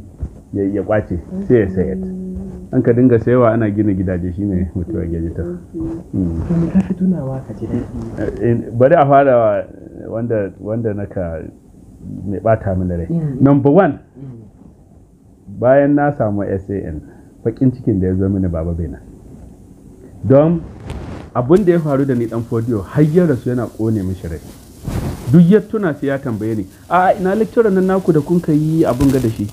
ya kwace sai ya saya an mm-hmm. ka dinga sayawa ana gina gidaje shine mutuwar gajita mm-hmm. mm. ka fi tunawa ka ji eh, eh, bari a fara wanda wanda ka mai bata mini rai mm-hmm. number one bayan na samu san bakin cikin da ya zo mini baba bai na. don abin da ya faru da ni dan fodiyo har ya rasu yana kone mishi rai duk ya tuna sai ya tambaye ni a ina lecturer nan naku da kun yi abin ga da shi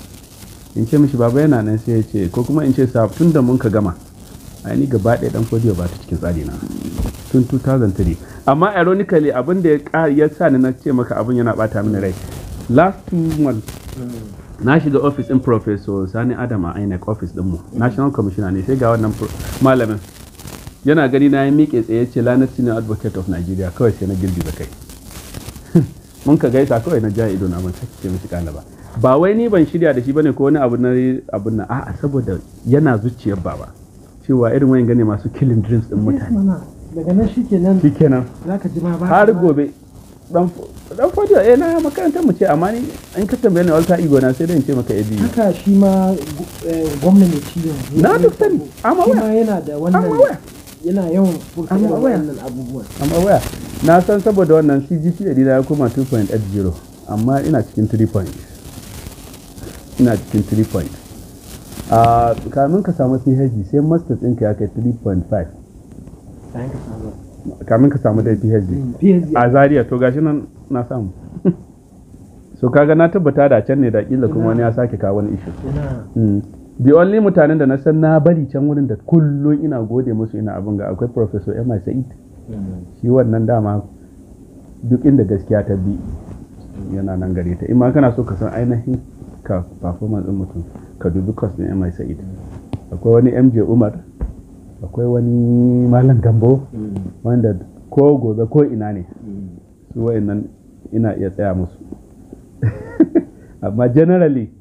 in ce mishi baba yana nan sai ya ce ko kuma in ce sa tun da mun ka gama ai ni gaba ɗaya dan kodiyo ba ta cikin tsari na tun 2003 amma ironically abin da ya sa ni na ce maka abin yana bata mini rai last two months na shiga office din professor sani adam a inec office mu national commissioner ne sai ga wannan malamin yana gani na ya miƙe tsaye ce lanar senior advocate of nigeria kawai sai na girbi girgiza kai mun ka gaisa kawai na jihar ido na mun sake mishi kana ba ba wai ni ban shirya da shi bane ko wani abu na abun nan a'a saboda yana zuciyar baba cewa irin wayan gane masu killing dreams din mutane daga nan shikenan shikenan zaka ji ba har gobe dan dan fadiyo eh na makarantar mu ce amma ni an ka tambaye ni walta igo na sai dai in ce maka ebi haka shi ma eh, gwamnati ne yanzu na duk sani amma wai yana da wannan yana yawan furta wannan abubuwan amma wai na san saboda wannan cgp da dina ya koma 2.80 amma ina cikin 3 point ina cikin 3 point a ah, kamin ka samu phd sai masters ɗinka ya kai 3.5 kamin ka samu dai phd mm, a zaria to gashi nan na samu so kaga na tabbata da can ne da kila kuma wani ya sake kawo wani issue mm. the only mutanen da na san na bari can wurin da kullum ina gode musu ina abin ga akwai professor emma sa'id shi wannan dama duk inda gaskiya ta bi yana nan gare ta in ma kana so ka san ainihin ka performance din mutum ka dubi cost din mai sa'id akwai wani mj umar akwai wani malam gambo wanda ko gobe ko ina ne su wayannan ina iya tsaya musu amma generally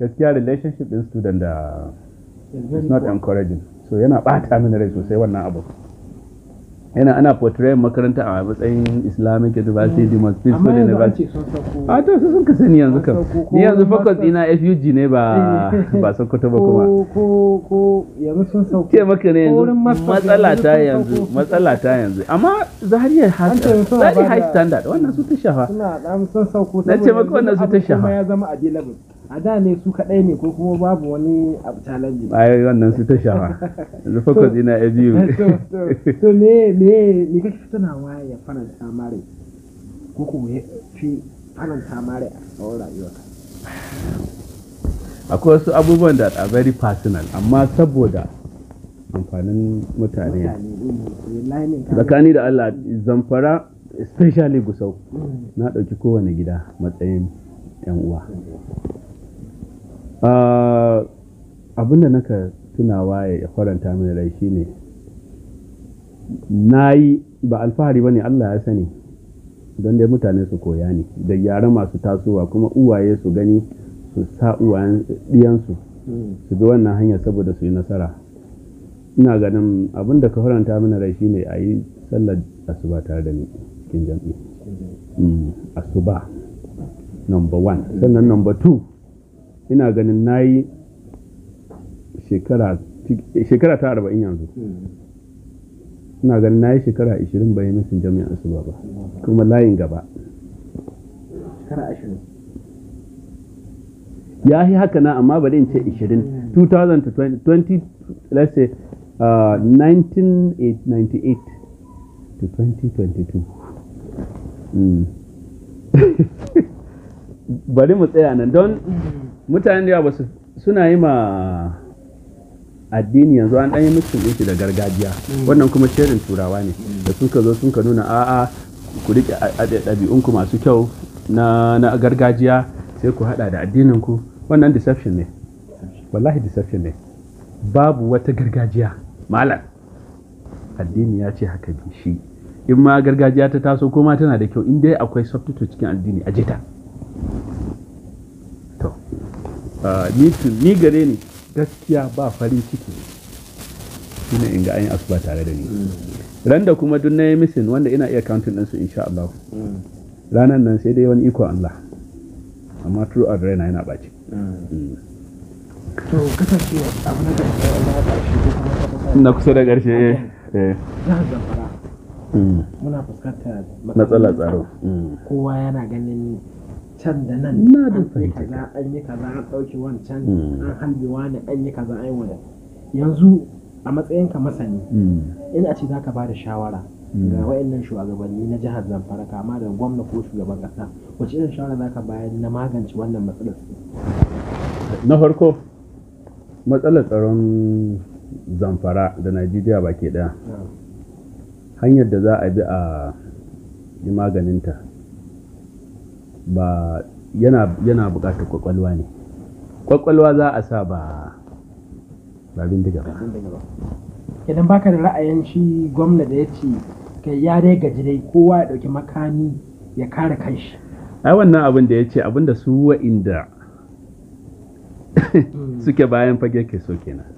gaskiya relationship din student da is not encouraging so yana bata mini rai sosai wannan abu yana ana portray makaranta a matsayin islamic university mm. masjid school university a ah, to su sun ka sani yanzu kam ni yanzu focus ina fug ne ba ba sokoto ba kuma ko ko yanzu sun sauko ke maka ne yanzu matsala ta yanzu matsala ta yanzu amma zariya zariya high standard wannan su ta shafa suna dan sun sauko na ce maka wannan su ta shafa ya zama available a da ne su kaɗai ne ko kuma babu wani abu challenge ai wannan su ta shawa yanzu focus ina a biyu to me ne me kake tunawa ya faranta mare ko kuma ya fi faranta mare a tsawon rayuwarka akwai wasu abubuwan da a very personal amma saboda amfanin mutane eh, tsakani da Allah zamfara especially gusau mm. na ɗauki kowane gida matsayin 'yan uwa Ah, abinda naka tunawa ya faranta mini rai shine na yi ba alfahari ba ne Allah ya sani don dai mutane su koya ne da yara masu tasowa kuma uwaye su gani su sa uwayen diyansu su bi wannan hanya saboda su yi nasara ina ganin abin ka faranta mini rai shine a yi sallar asuba tare da ni cikin jam'i hmm, asuba number one sannan number two ina ganin na yi shekara ta arba'in yanzu ina ganin na yi shekara ashirin bayan masin jami'an su ba kuma layin gaba ya yi haka na amma bari in ce ashirin 2020 let's say uh, 1998 to 2022 mm. bari mu tsaya nan don mutane da yawa suna yi ma addini yanzu an ɗanyi mutum ɗinki da gargajiya mm. wannan kuma shirin turawa ne mm. da sun ka zo sun ka nuna a'a ku riƙe ɗabi'unku masu kyau na gargajiya sai ku haɗa da addininku wannan deception ne wallahi deception ne babu wata gargajiya malam addini ya ce haka bi shi in ma gargajiya ta taso ko ma tana da kyau in dai akwai substitute cikin addini a ta to Ah, ni gare ni gaskiya ba farin ciki shine in ga an asuba tare da ni mm. ran da kuma duk na yi misin wanda ina iya kantin ɗinsu insha Allah mm. ranar nan sai dai wani ikon Allah amma true address na yana ɓaci mm. kasancewa na na kusa da ƙarshe eh. Eh. muna fuskantar matsalar tsaro kowa yana ganin can da nan na da fahimta an yi kaza an dauki wancan hmm. an hanji wani an yi kaza an yi wani yanzu a ka masani hmm. ina ce za ka ba da shawara hmm. ga wayannan shugabanni na jihar zamfara kama da gwamna ko shugaban kasa wace irin shawara za ka bayar na magance wannan matsalar na farko matsalar tsaron zamfara da najeriya baki daya hanyar da za a bi a yi maganinta ba yana yana buƙatar kwakwalwa ne kwakwalwa za a sa ba ba diga ba idan baka da ra'ayin shi gwamna da ya ce kai ya dai gaji dai kowa ya dauki makami ya kare kanshi ai wannan abin da ya ce abin da su wa'inda hmm. suke bayan fage ke so kenan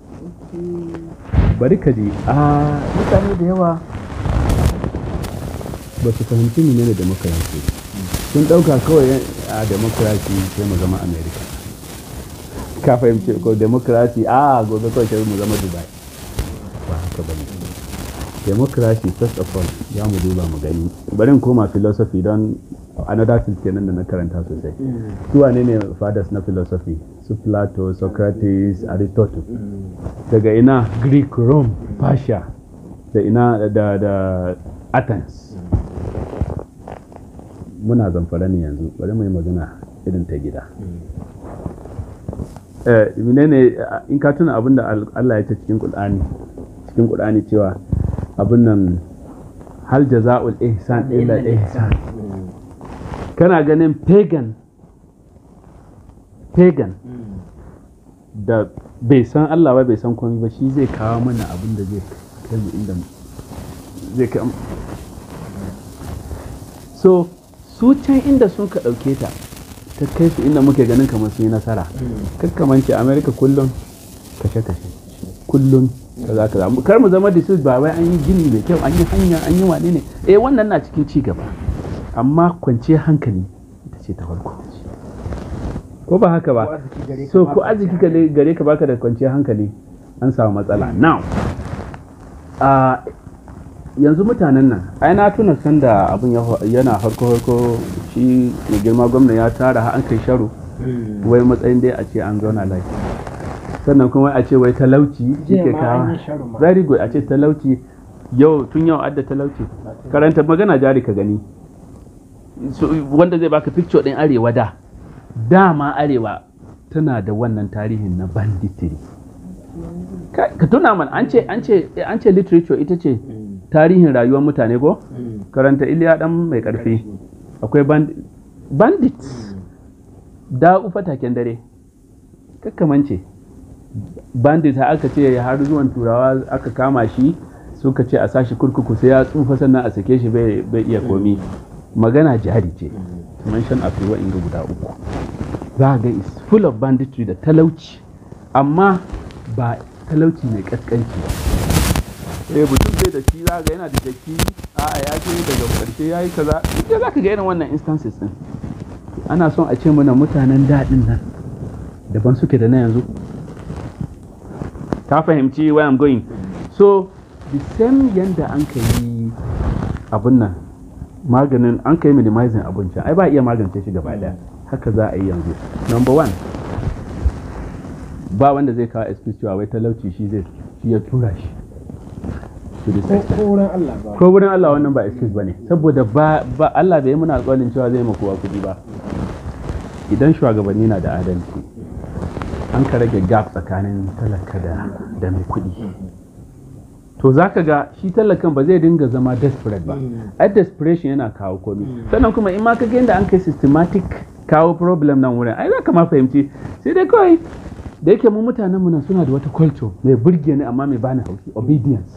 bari ka ji a mutane da yawa ba su fahimci ne da muka yanzu sun ɗauka kawai eh, a demokrasi sai mu zama america ka fahimci ko demokrasi a gobe kawai sai mu zama dubai ba haka ba ne democracy first of all ya mu duba mu gani bari koma philosophy don another field kenan da na karanta sosai mm. su ne ne fathers na philosophy su plato socrates aristotle daga ina greek rome persia da ina da da athens muna zamfara ne yanzu bari mai magana irin ta gida eh, ne ne in ka tuna abin da Allah ya ce cikin Qur'ani cikin Qur'ani cewa abin nan hal jaza'ul ihsan illa ihsan kana ganin pagan pagan da bai san Allah ba bai san komai ba shi zai kawo mana abin da zai kai inda zai kai so su can inda sun ka ɗauke ta ta kai su inda muke ganin kamar sun yi nasara kakkamanci america kullum kashe-kashe kullum kaza kaza kar mu zama disis ba wai an yi gini mai kyau an yi hanya an yi wane ne eh wannan na cikin ci gaba amma kwanciyar hankali ita ce ta farko ko ba haka ba so ko arziki gare ka baka da kwanciyar hankali an samu matsala now ah, yanzu mutanen nan ai na tuna sanda abin yana harko harko shi mai girma gwamna ya tara ha an kai sharo hmm. wai matsayin dai a ce an zauna laifi. sannan kuma a ce wai talauci ke kawo very good a ce talauci yau tun yau adda talauci karanta magana jari ka gani wanda zai baka picture din arewa da dama arewa tana da wannan tarihin na banditiri ka tuna man an ce literature ita ce tarihin rayuwar mutane ko hmm. karanta iliya dan mai karfi akwai bandit da ufa taken dare kakkamance bandit ha aka ce har zuwan turawa aka kama shi suka ce a sashi kurkuku sai ya tsufa sannan a sake shi bai iya komi magana jihari ce mention hmm. afiwa inga guda uku za ga is full of banditry da talauci amma ba talauci mai kaskanci ba eh mutum bai da shi za ga yana da jaki a'a ya ke daga karshe ya yi kaza duk za ka ga irin wannan instances din ana son a ce mana mutanen daɗin nan daban suke da na yanzu ta fahimci where I'm going so the same yanda an ka yi abin nan maganin an ka yi minimizing abincin ai ba iya magance shi gaba daya haka za a yi yanzu number one ba wanda zai kawo excuse cewa wai talauci shi zai shi ya tura shi ko wurin Allah wannan ba excuse bane saboda ba Allah bai muna alƙawarin cewa zai ma kowa kuɗi ba idan shugabanni na da adalci an ka rage gap tsakanin talaka da da mai kuɗi to za ka ga shi talakan ba zai dinga zama desperate ba a desperation yana kawo komi sannan kuma in ma ka ga yadda an kai systematic kawo problem nan wurin ai za ka ma fahimci sai dai kawai da yake mu mutanen mu na suna da wata culture mai burge ni amma mai bani hauki obedience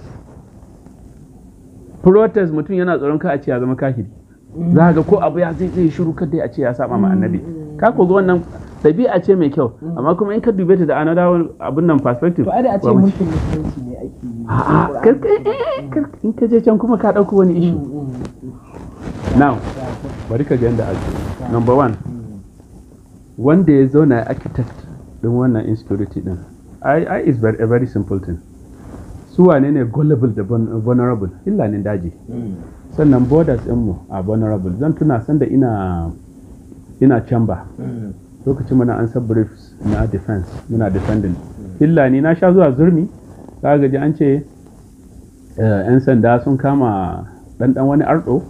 protest mutum yana tsoron ka a ce ya zama kafiri za ga ko abu ya zai zai shiru kadai a ce ya saba ma annabi mm. ka ko wannan dabi'a ce mai kyau mm. amma kuma in ka dube ta da another abun nan perspective to ai a ce mulkin musulunci ne ake yi eh, eh, in ka je can kuma ka dauko wani issue mm, now bari ka ga yanda ake number one wanda ya zo na architect din wannan insecurity din i i is very, a very simple thing su wane ne gullible da vulnerable ne daji sannan borders mu a vulnerable zan tuna sanda ina ina chamber lokacin muna an briefs na defense muna defending hillani na sha zuwa zurmi za ga an ce eh, yan sanda sun kama ɗanɗan wani arɗo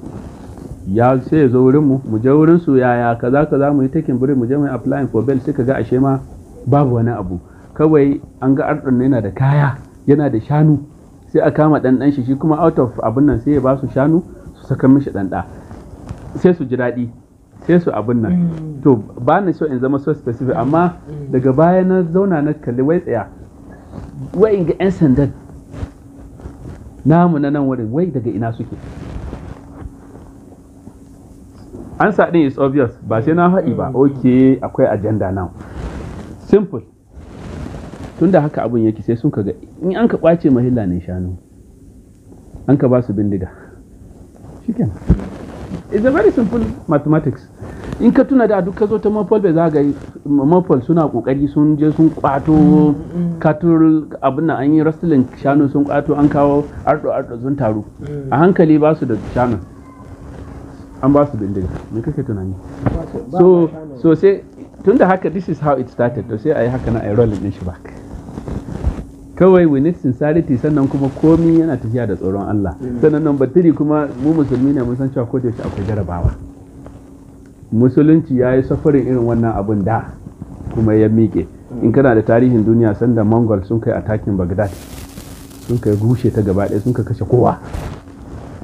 ya sai ya zo wurinmu mu je wurin su yaya kaza kaza mu yi taking biri mu je mu applying for bail sai ka ga ashe ma babu wani abu kawai an ga arɗon yana da kaya yana da shanu sai a kama ɗanɗan shi shi kuma out of abin nan sai ya ba su shanu su saka mishi ɗanɗa sai su ji daɗi sai su abin nan mm. to ba na so in zama so specific amma mm. daga baya na zauna na kalli wai tsaya wai ga 'yan sandan namu na nan wurin wai daga ina suke an din is obvious ba sai na haɗi ba mm. ok akwai agenda now simple tun da haka abin yake sai sun kaga in an ka kwace mahilla ne shanu an ka ba su bindiga shiken it's a very simple mathematics in ka tuna da duk ka zo ta mafol bai zaga mafol suna kokari sun je sun kwato katul abin an yi rastilin shanu sun kwato an kawo ardo ardo sun taru a hankali ba su da shanu an ba su bindiga me kake tunani so so sai tun da haka this is how it started to sai a yi haka na a rolling din shi back kawai we need sincerity sannan kuma komi yana tafiya da tsoron Allah sannan number three kuma mu musulmi ne mun san cewa ko da akwai jarabawa musulunci ya yi safarin irin wannan abun da kuma ya miƙe in kana da tarihin duniya sanda mongol sun kai takin bagdad sun kai rushe ta gaba ɗaya sun ka kashe kowa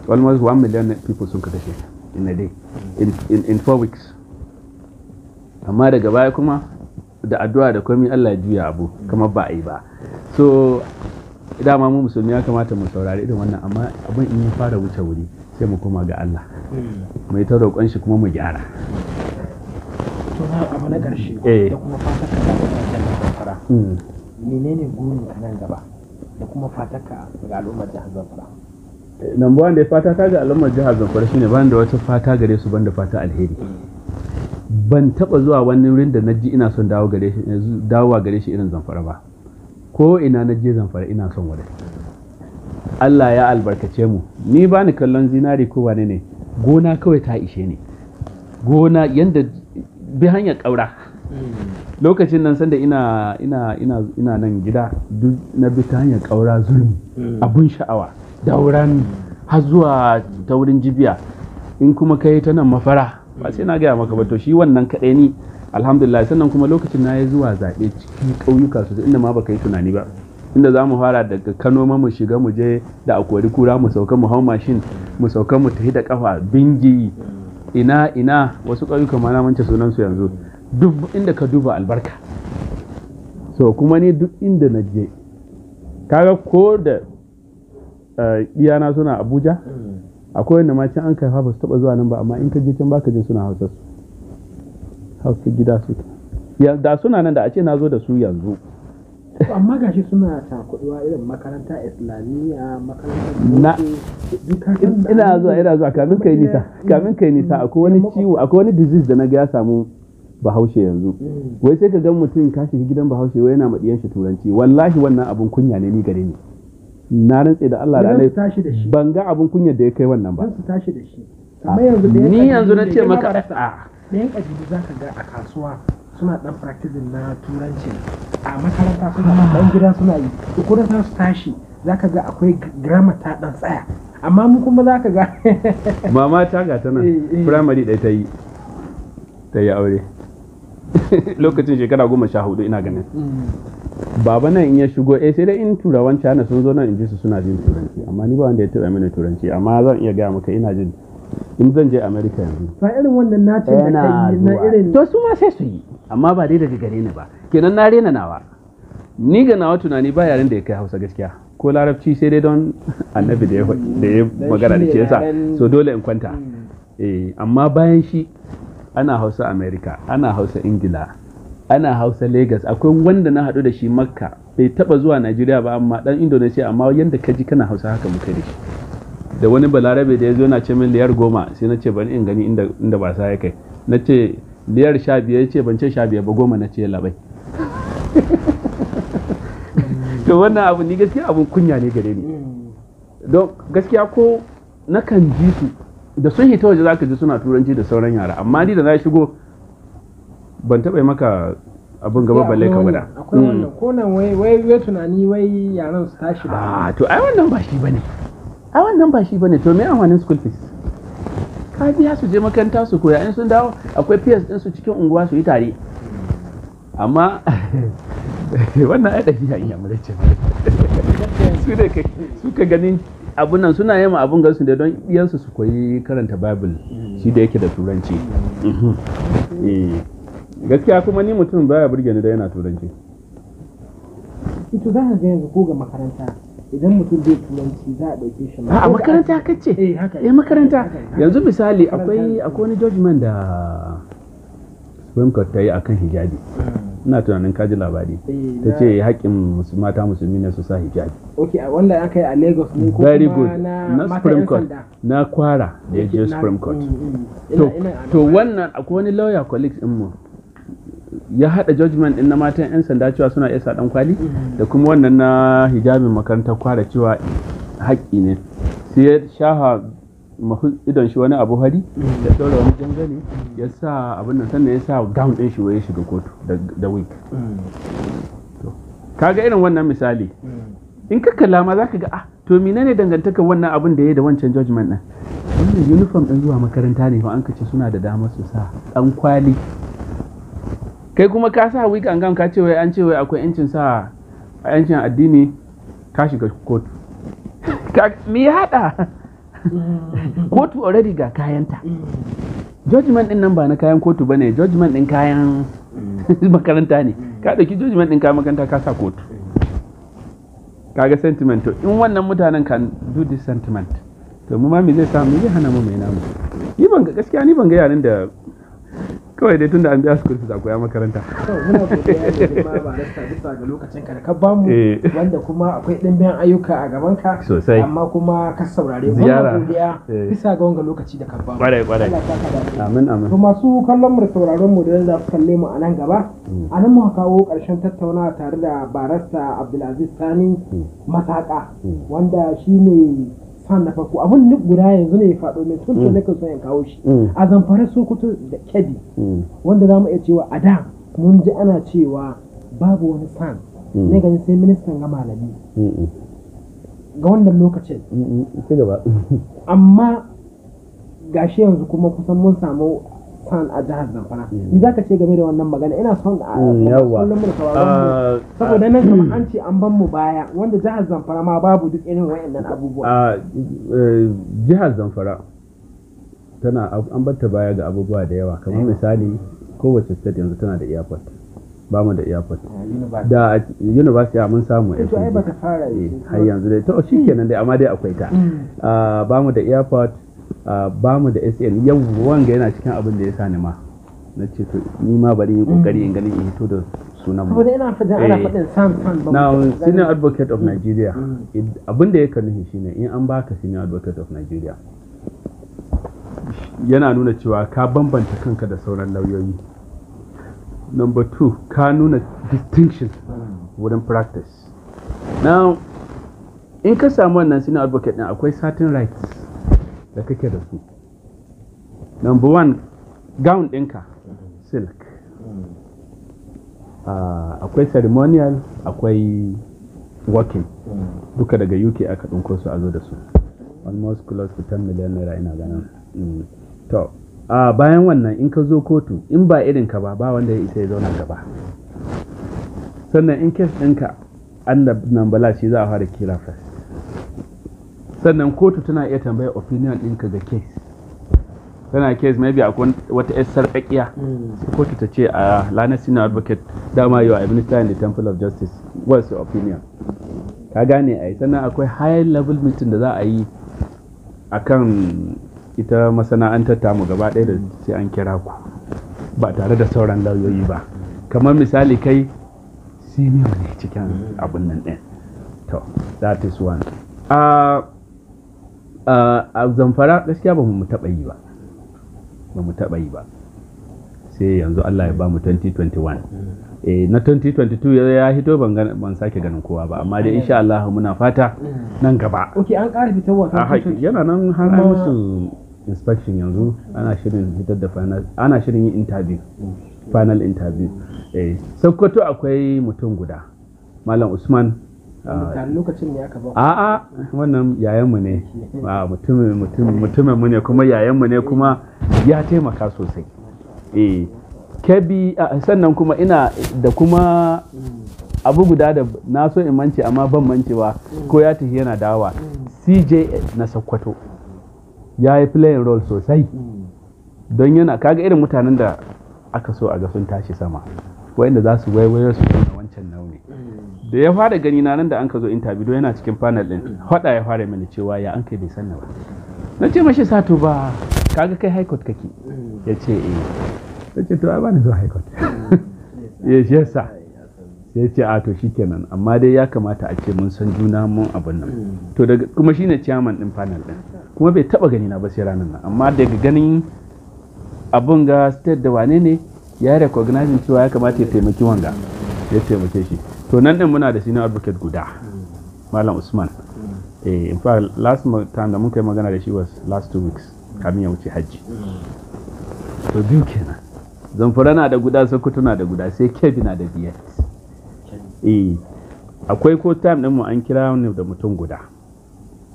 almost 1 million people sun ka kashe in a day in, in, in four weeks amma daga baya kuma da addu'a da komai Allah juya abu kamar ba a yi ba so dama mu musulmi ya kamata mu saurari irin wannan amma abin in ya fara wuce wuri sai mu koma ga Allah mai hmm. ta roƙon shi kuma mu gyara to na abu na ƙarshe eh. da kuma fata ka da wannan hmm. menene gurin a nan gaba da kuma fata ka ga al'ummar jihar Zamfara number one da fata ta ga al'ummar jihar Zamfara shine ban da wata fata gare su ban da fata alheri hmm. ban taɓa zuwa wani wurin da na ji ina son gare eh, dawowa gare shi irin zamfara ba ko ina na je zamfara ina son wadai Allah ya albarkace mu ni ba ni kallon zinari ko wane ne gona kawai ta ishe ni gona yanda bi hanyar ƙaura hmm. lokacin nan sanda ina nan gida duk na bi ta hanyar ƙaura zulmi hmm. abun sha'awa dauran har zuwa ta wurin jibiya in kuma kai ta nan mafara ba sai na gaya maka ba to shi wannan kaɗai ni alhamdulillah sannan kuma lokacin na ya zuwa zaɓe cikin ƙauyuka sosai inda ma baka yi tunani ba inda za mu fara daga kano ma mu shiga mu je da akwari kura mu sauka mu hau mashin mu sauka mu tafi da kafa bingi ina ina wasu ƙauyuka ma na mance sunan su yanzu duk inda ka duba albarka so kuma ni duk inda na je kaga ko da eh, iyana suna abuja mm. akwai wanda ma can an kai ba su taba zuwa nan ba amma in ka je can baka jin suna hausa su hausa gida su da suna nan da a ce na zo da su yanzu amma gashi suna takuduwa irin makaranta islamiyya makaranta ina zuwa ina zuwa kamin kai nisa kamin kai nisa akwai wani ciwo akwai wani disease da na ga ya samu bahaushe yanzu mm. wai sai ka ga mutum kashi gidan bahaushe wai yana maɗiyan shi turanci wallahi wannan abun kunya ne ni gare ni na rantse da Allah da ban ga abin kunyar da ya kai wannan ba ni yanzu na ce maka a ɗayan ƙabilu za ka ga a kasuwa suna ɗan practicing na turanci a makaranta suna ɗan gida suna yi ukurin za su tashi za ka ga akwai grammar ta ɗan tsaya amma mu kuma za ka ga mama ta ga ta nan firamare eh, eh. ɗaya ta yi ta yi aure lokacin shekara goma sha hudu ina ganin mm. baba nan in ya shigo eh sai dai in turawan China sun zo nan in ji su suna jin turanci amma ni ba wanda ya taba mini turanci amma zan iya gaya maka ina jin in zan je America yanzu fa irin wannan eh, na ce na irin to su ma sai su yi amma ba dai daga gare ni ba kenan na rena nawa ni ga nawa tunani ba yaren da ya kai Hausa gaskiya ko larabci sai dai don annabi da ya magana da ke sa so dole in kwanta hmm. eh amma bayan shi ana Hausa America ana Hausa Ingila ana hausa Legas akwai wanda na haɗu da shi makka bai taɓa zuwa najeriya ba amma ɗan indonesia amma yadda ka ji kana hausa haka muka da shi da wani balarabe da ya zo na ce min liyar goma sai na ce ban in gani inda ba sa ya kai na ce liyar sha biyar ce ban ce sha biyar ba goma na ce labai to wannan abu ni gaskiya abun kunya ne gare ni don gaskiya ko kan ji su da sun hita waje za ka ji suna turanci da sauran yara amma ni da na shigo ban taɓa maka abin gaba balle ka wada akwai wannan mm. ko nan wai wai tunani wai yaran su tashi ba a ah, to ai wannan ba shi bane ai wannan ba shi bane to me amfanin school fees ka biya su je makaranta su koya in sun dawo akwai peers din su cikin unguwa su yi tare amma wannan ai dabi'a in yamurai ce su da kai suka ganin abun nan suna yin abun gansu da don iyansu su koyi karanta bible shi da yake da turanci mm. mm-hmm. eh. gaskiya kuma ni mutum baya burge ni da yana turanci ito za ka ga makaranta idan mutum zai turanci za a ɗauke shi a makaranta kace eh, eh makaranta yanzu misali akwai akwai wani judgment da Supreme Court ta yi akan hijabi hmm. ina tunanin kaji labari eh, ta ce haƙƙin mata musulmi ne su sa hijabi ok wanda aka yi a lagos ne ko very good na supreme court na kwara da ya je supreme court mm, mm, mm. to wannan akwai wani lawyer colleagues din mu ya haɗa judgment din na matan 'yan sanda cewa suna iya sa kwali da kuma wannan na hijabin makarantar kwara cewa haƙƙi ne sai ya shaha idon shi wani abu hari ya ɗaura wani jangane ya sa abin nan sannan ya sa gown ɗin shi ya shiga kotu da wig ga irin wannan misali in ka kalla za ka ga ah to ne dangantakar wannan abin da ya yi da wancan judgment ɗin wannan uniform ɗin zuwa makaranta ne an ka ce suna da damar su sa ɗan kwali kai kuma ka sa wika an ka ce wai an ce wai akwai yancin sa yancin addini ka shiga kotu Ka ya hada kotu already ga kayanta judgment din nan ba na kayan kotu bane judgment din kayan makaranta ne ka dauki judgment din kayan makaranta ka sa kotu kaga sentiment to in wannan mutanen kan do this sentiment to mu ma me zai samu zai hana mu mai namu ni ban ga gaskiya ni ban ga yaran da kawai dai tunda an biya su kursu akwai makaranta muna godiya da girma ba bisa ga lokacin ka ka bamu eh. wanda kuma akwai ɗimbin ayyuka a gaban ka sosai amma kuma ka saurare mu eh. bisa ga wanga lokaci da ka kwarai kwarai amin amin to masu kallon mu da sauraron mu da za su kalle mu a nan gaba mm. a nan muka kawo ƙarshen tattauna tare da barasta Abdulaziz Sani mm. Masaka mm. wanda shine fan na farko abun duk guda yanzu ne ya faɗo mai sun tun mm. nakan son kawo shi mm. a zamfara sokoto da kyadi. Mm. wanda za mu iya cewa a da mun ji ana cewa babu wani fan ne gani sai ministan ga malami ga wannan lokacin amma gashi yanzu kuma kusan mun samu jihar zamfara mm. game a mm, kullum mu uh, saboda nan uh, mm. an ce baya uh, jihar zamfara tana an bata baya ga abubuwa da yawa kamar misali kowace state yanzu tana da airport ba mu da airport ah, da university a ah, mun samu eh, har yanzu dai to shi kenan dai amma dai akwai ta ba mu da airport ba mu da SN yau wanga yana cikin abin da ya sa ni ma na ce to ni ma bari yi kokari in ganin in hito da sunan mu saboda ina fada ana eh. fadin sam sam ba now senior advocate of mm. Nigeria mm. abin da ya nufi shine in an baka senior advocate of Nigeria yana nuna cewa ka bambanta kanka da sauran lauyoyi number 2 ka nuna distinction wurin practice now in ka samu wannan senior advocate din akwai certain rights da kake da su number one gown ɗinka silk ah, akwai ceremonial akwai working duka daga uk aka ɗinko su a zo da su almost close to 10 million naira ina ganin mm. to a bayan wannan in ka zo kotu in ba irin ka ba ba wanda ya isa ya zauna gaba sannan in kes ɗinka an da nan bala shi za a fara kira first sannan kotu tana iya tambaya opinion ɗinka ga case tana case maybe akwai wata yar sarƙaƙiya mm. kotu ta ce a ah, lana Sina advocate dama yau a minister in the temple of justice what's your opinion ka gane a sannan akwai high level meeting da za a yi akan ita masana'antar tamu gaba ɗaya da sai an kira ku ba tare da sauran lauyoyi ba kamar misali kai senior ne cikin mm. abun nan ɗin to that is one ah, a zamfara gaskiya ba mu taɓa yi ba ba mu taɓa yi ba sai yanzu Allah ya ba mu 2021 eh na 2022 ya hito ban ban sake ganin kowa ba amma dai insha Allah muna fata nan gaba okay an ƙara shi. yana nan har musu inspection yanzu ana shirin fitar da final ana shirin yin interview final interview eh sokoto akwai mutum guda malam usman Ah, lokacin ne a'a wannan yayanmu ne ah, mutumin mu ne kuma yayanmu ne kuma ya taimaka sosai eh kebi ah, sannan kuma ina da kuma hmm. abu guda da na so in mance amma ban mancewa hmm. ko ya tafi yana dawa hmm. cj na sakkwato ya yi playing role sosai don yana kaga irin mutanen da aka so a ga sun tashi sama wa'inda za su waiwayo su na wancan na da ya fara gani na nan da an ka zo interview don yana cikin panel din hada ya fara mini cewa ya an kai bai sanna ba na ce mashi sato ba kaga kai high court kake ya ce eh ta ce to ai bani zo high court ya ce sa. ya ce a to shikenan amma dai ya kamata a ce mun san juna mun abun nan to daga kuma shine chairman din panel din kuma bai taba gani na ba sai ranar nan amma daga ganin abun ga state da wane ne ya recognize cewa ya kamata ya taimaki wanga ya taimake shi to nan din muna da senior advocate guda malam usman eh, in fact last time da mun kai magana da shi was last two weeks kamin ya wuce hajji to biyu kenan zamfara na da guda sokoto na da guda sai kebi na da biyar eh akwai ko time din mu an kira wani da mutum guda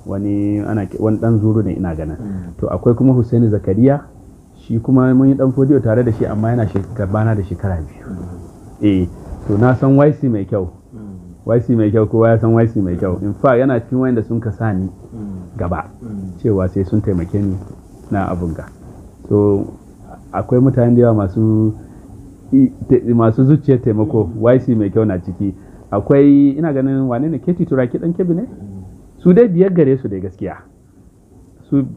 wani ana wani dan zuru ne ina ganin to akwai kuma Husaini Zakariya shi kuma mun yi dan fodiyo tare da shi amma yana shekara bana da shekara biyu eh to na san YC mai kyau mm. YC mai kyau kowa ya san YC mai kyau mm. in fa yana cikin wayanda sun ka sani mm. gaba cewa sai sun taimake ni na ga so akwai mutane da yawa masu masu zuciyar taimako YC mai kyau na ciki akwai ina ganin wane ne Keti Turaki dan kebi ne su dai biyar gare su dai gaskiya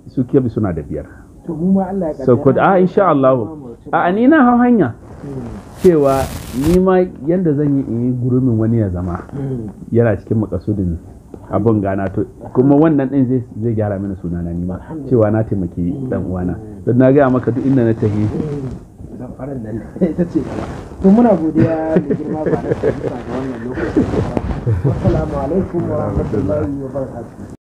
su kebi suna da biyar to mu ma a ah, insha a ni na hau hanya cewa ni ma yanda zan yi in gurumin wani ya zama yana cikin makasudin abin gana to kuma wannan din zai gyara mini sunana ni ma cewa na taimaki dan uwana don na gaya maka duk inda na tafi zamfaran to girma ba da wannan assalamu alaikum wa rahmatullahi wa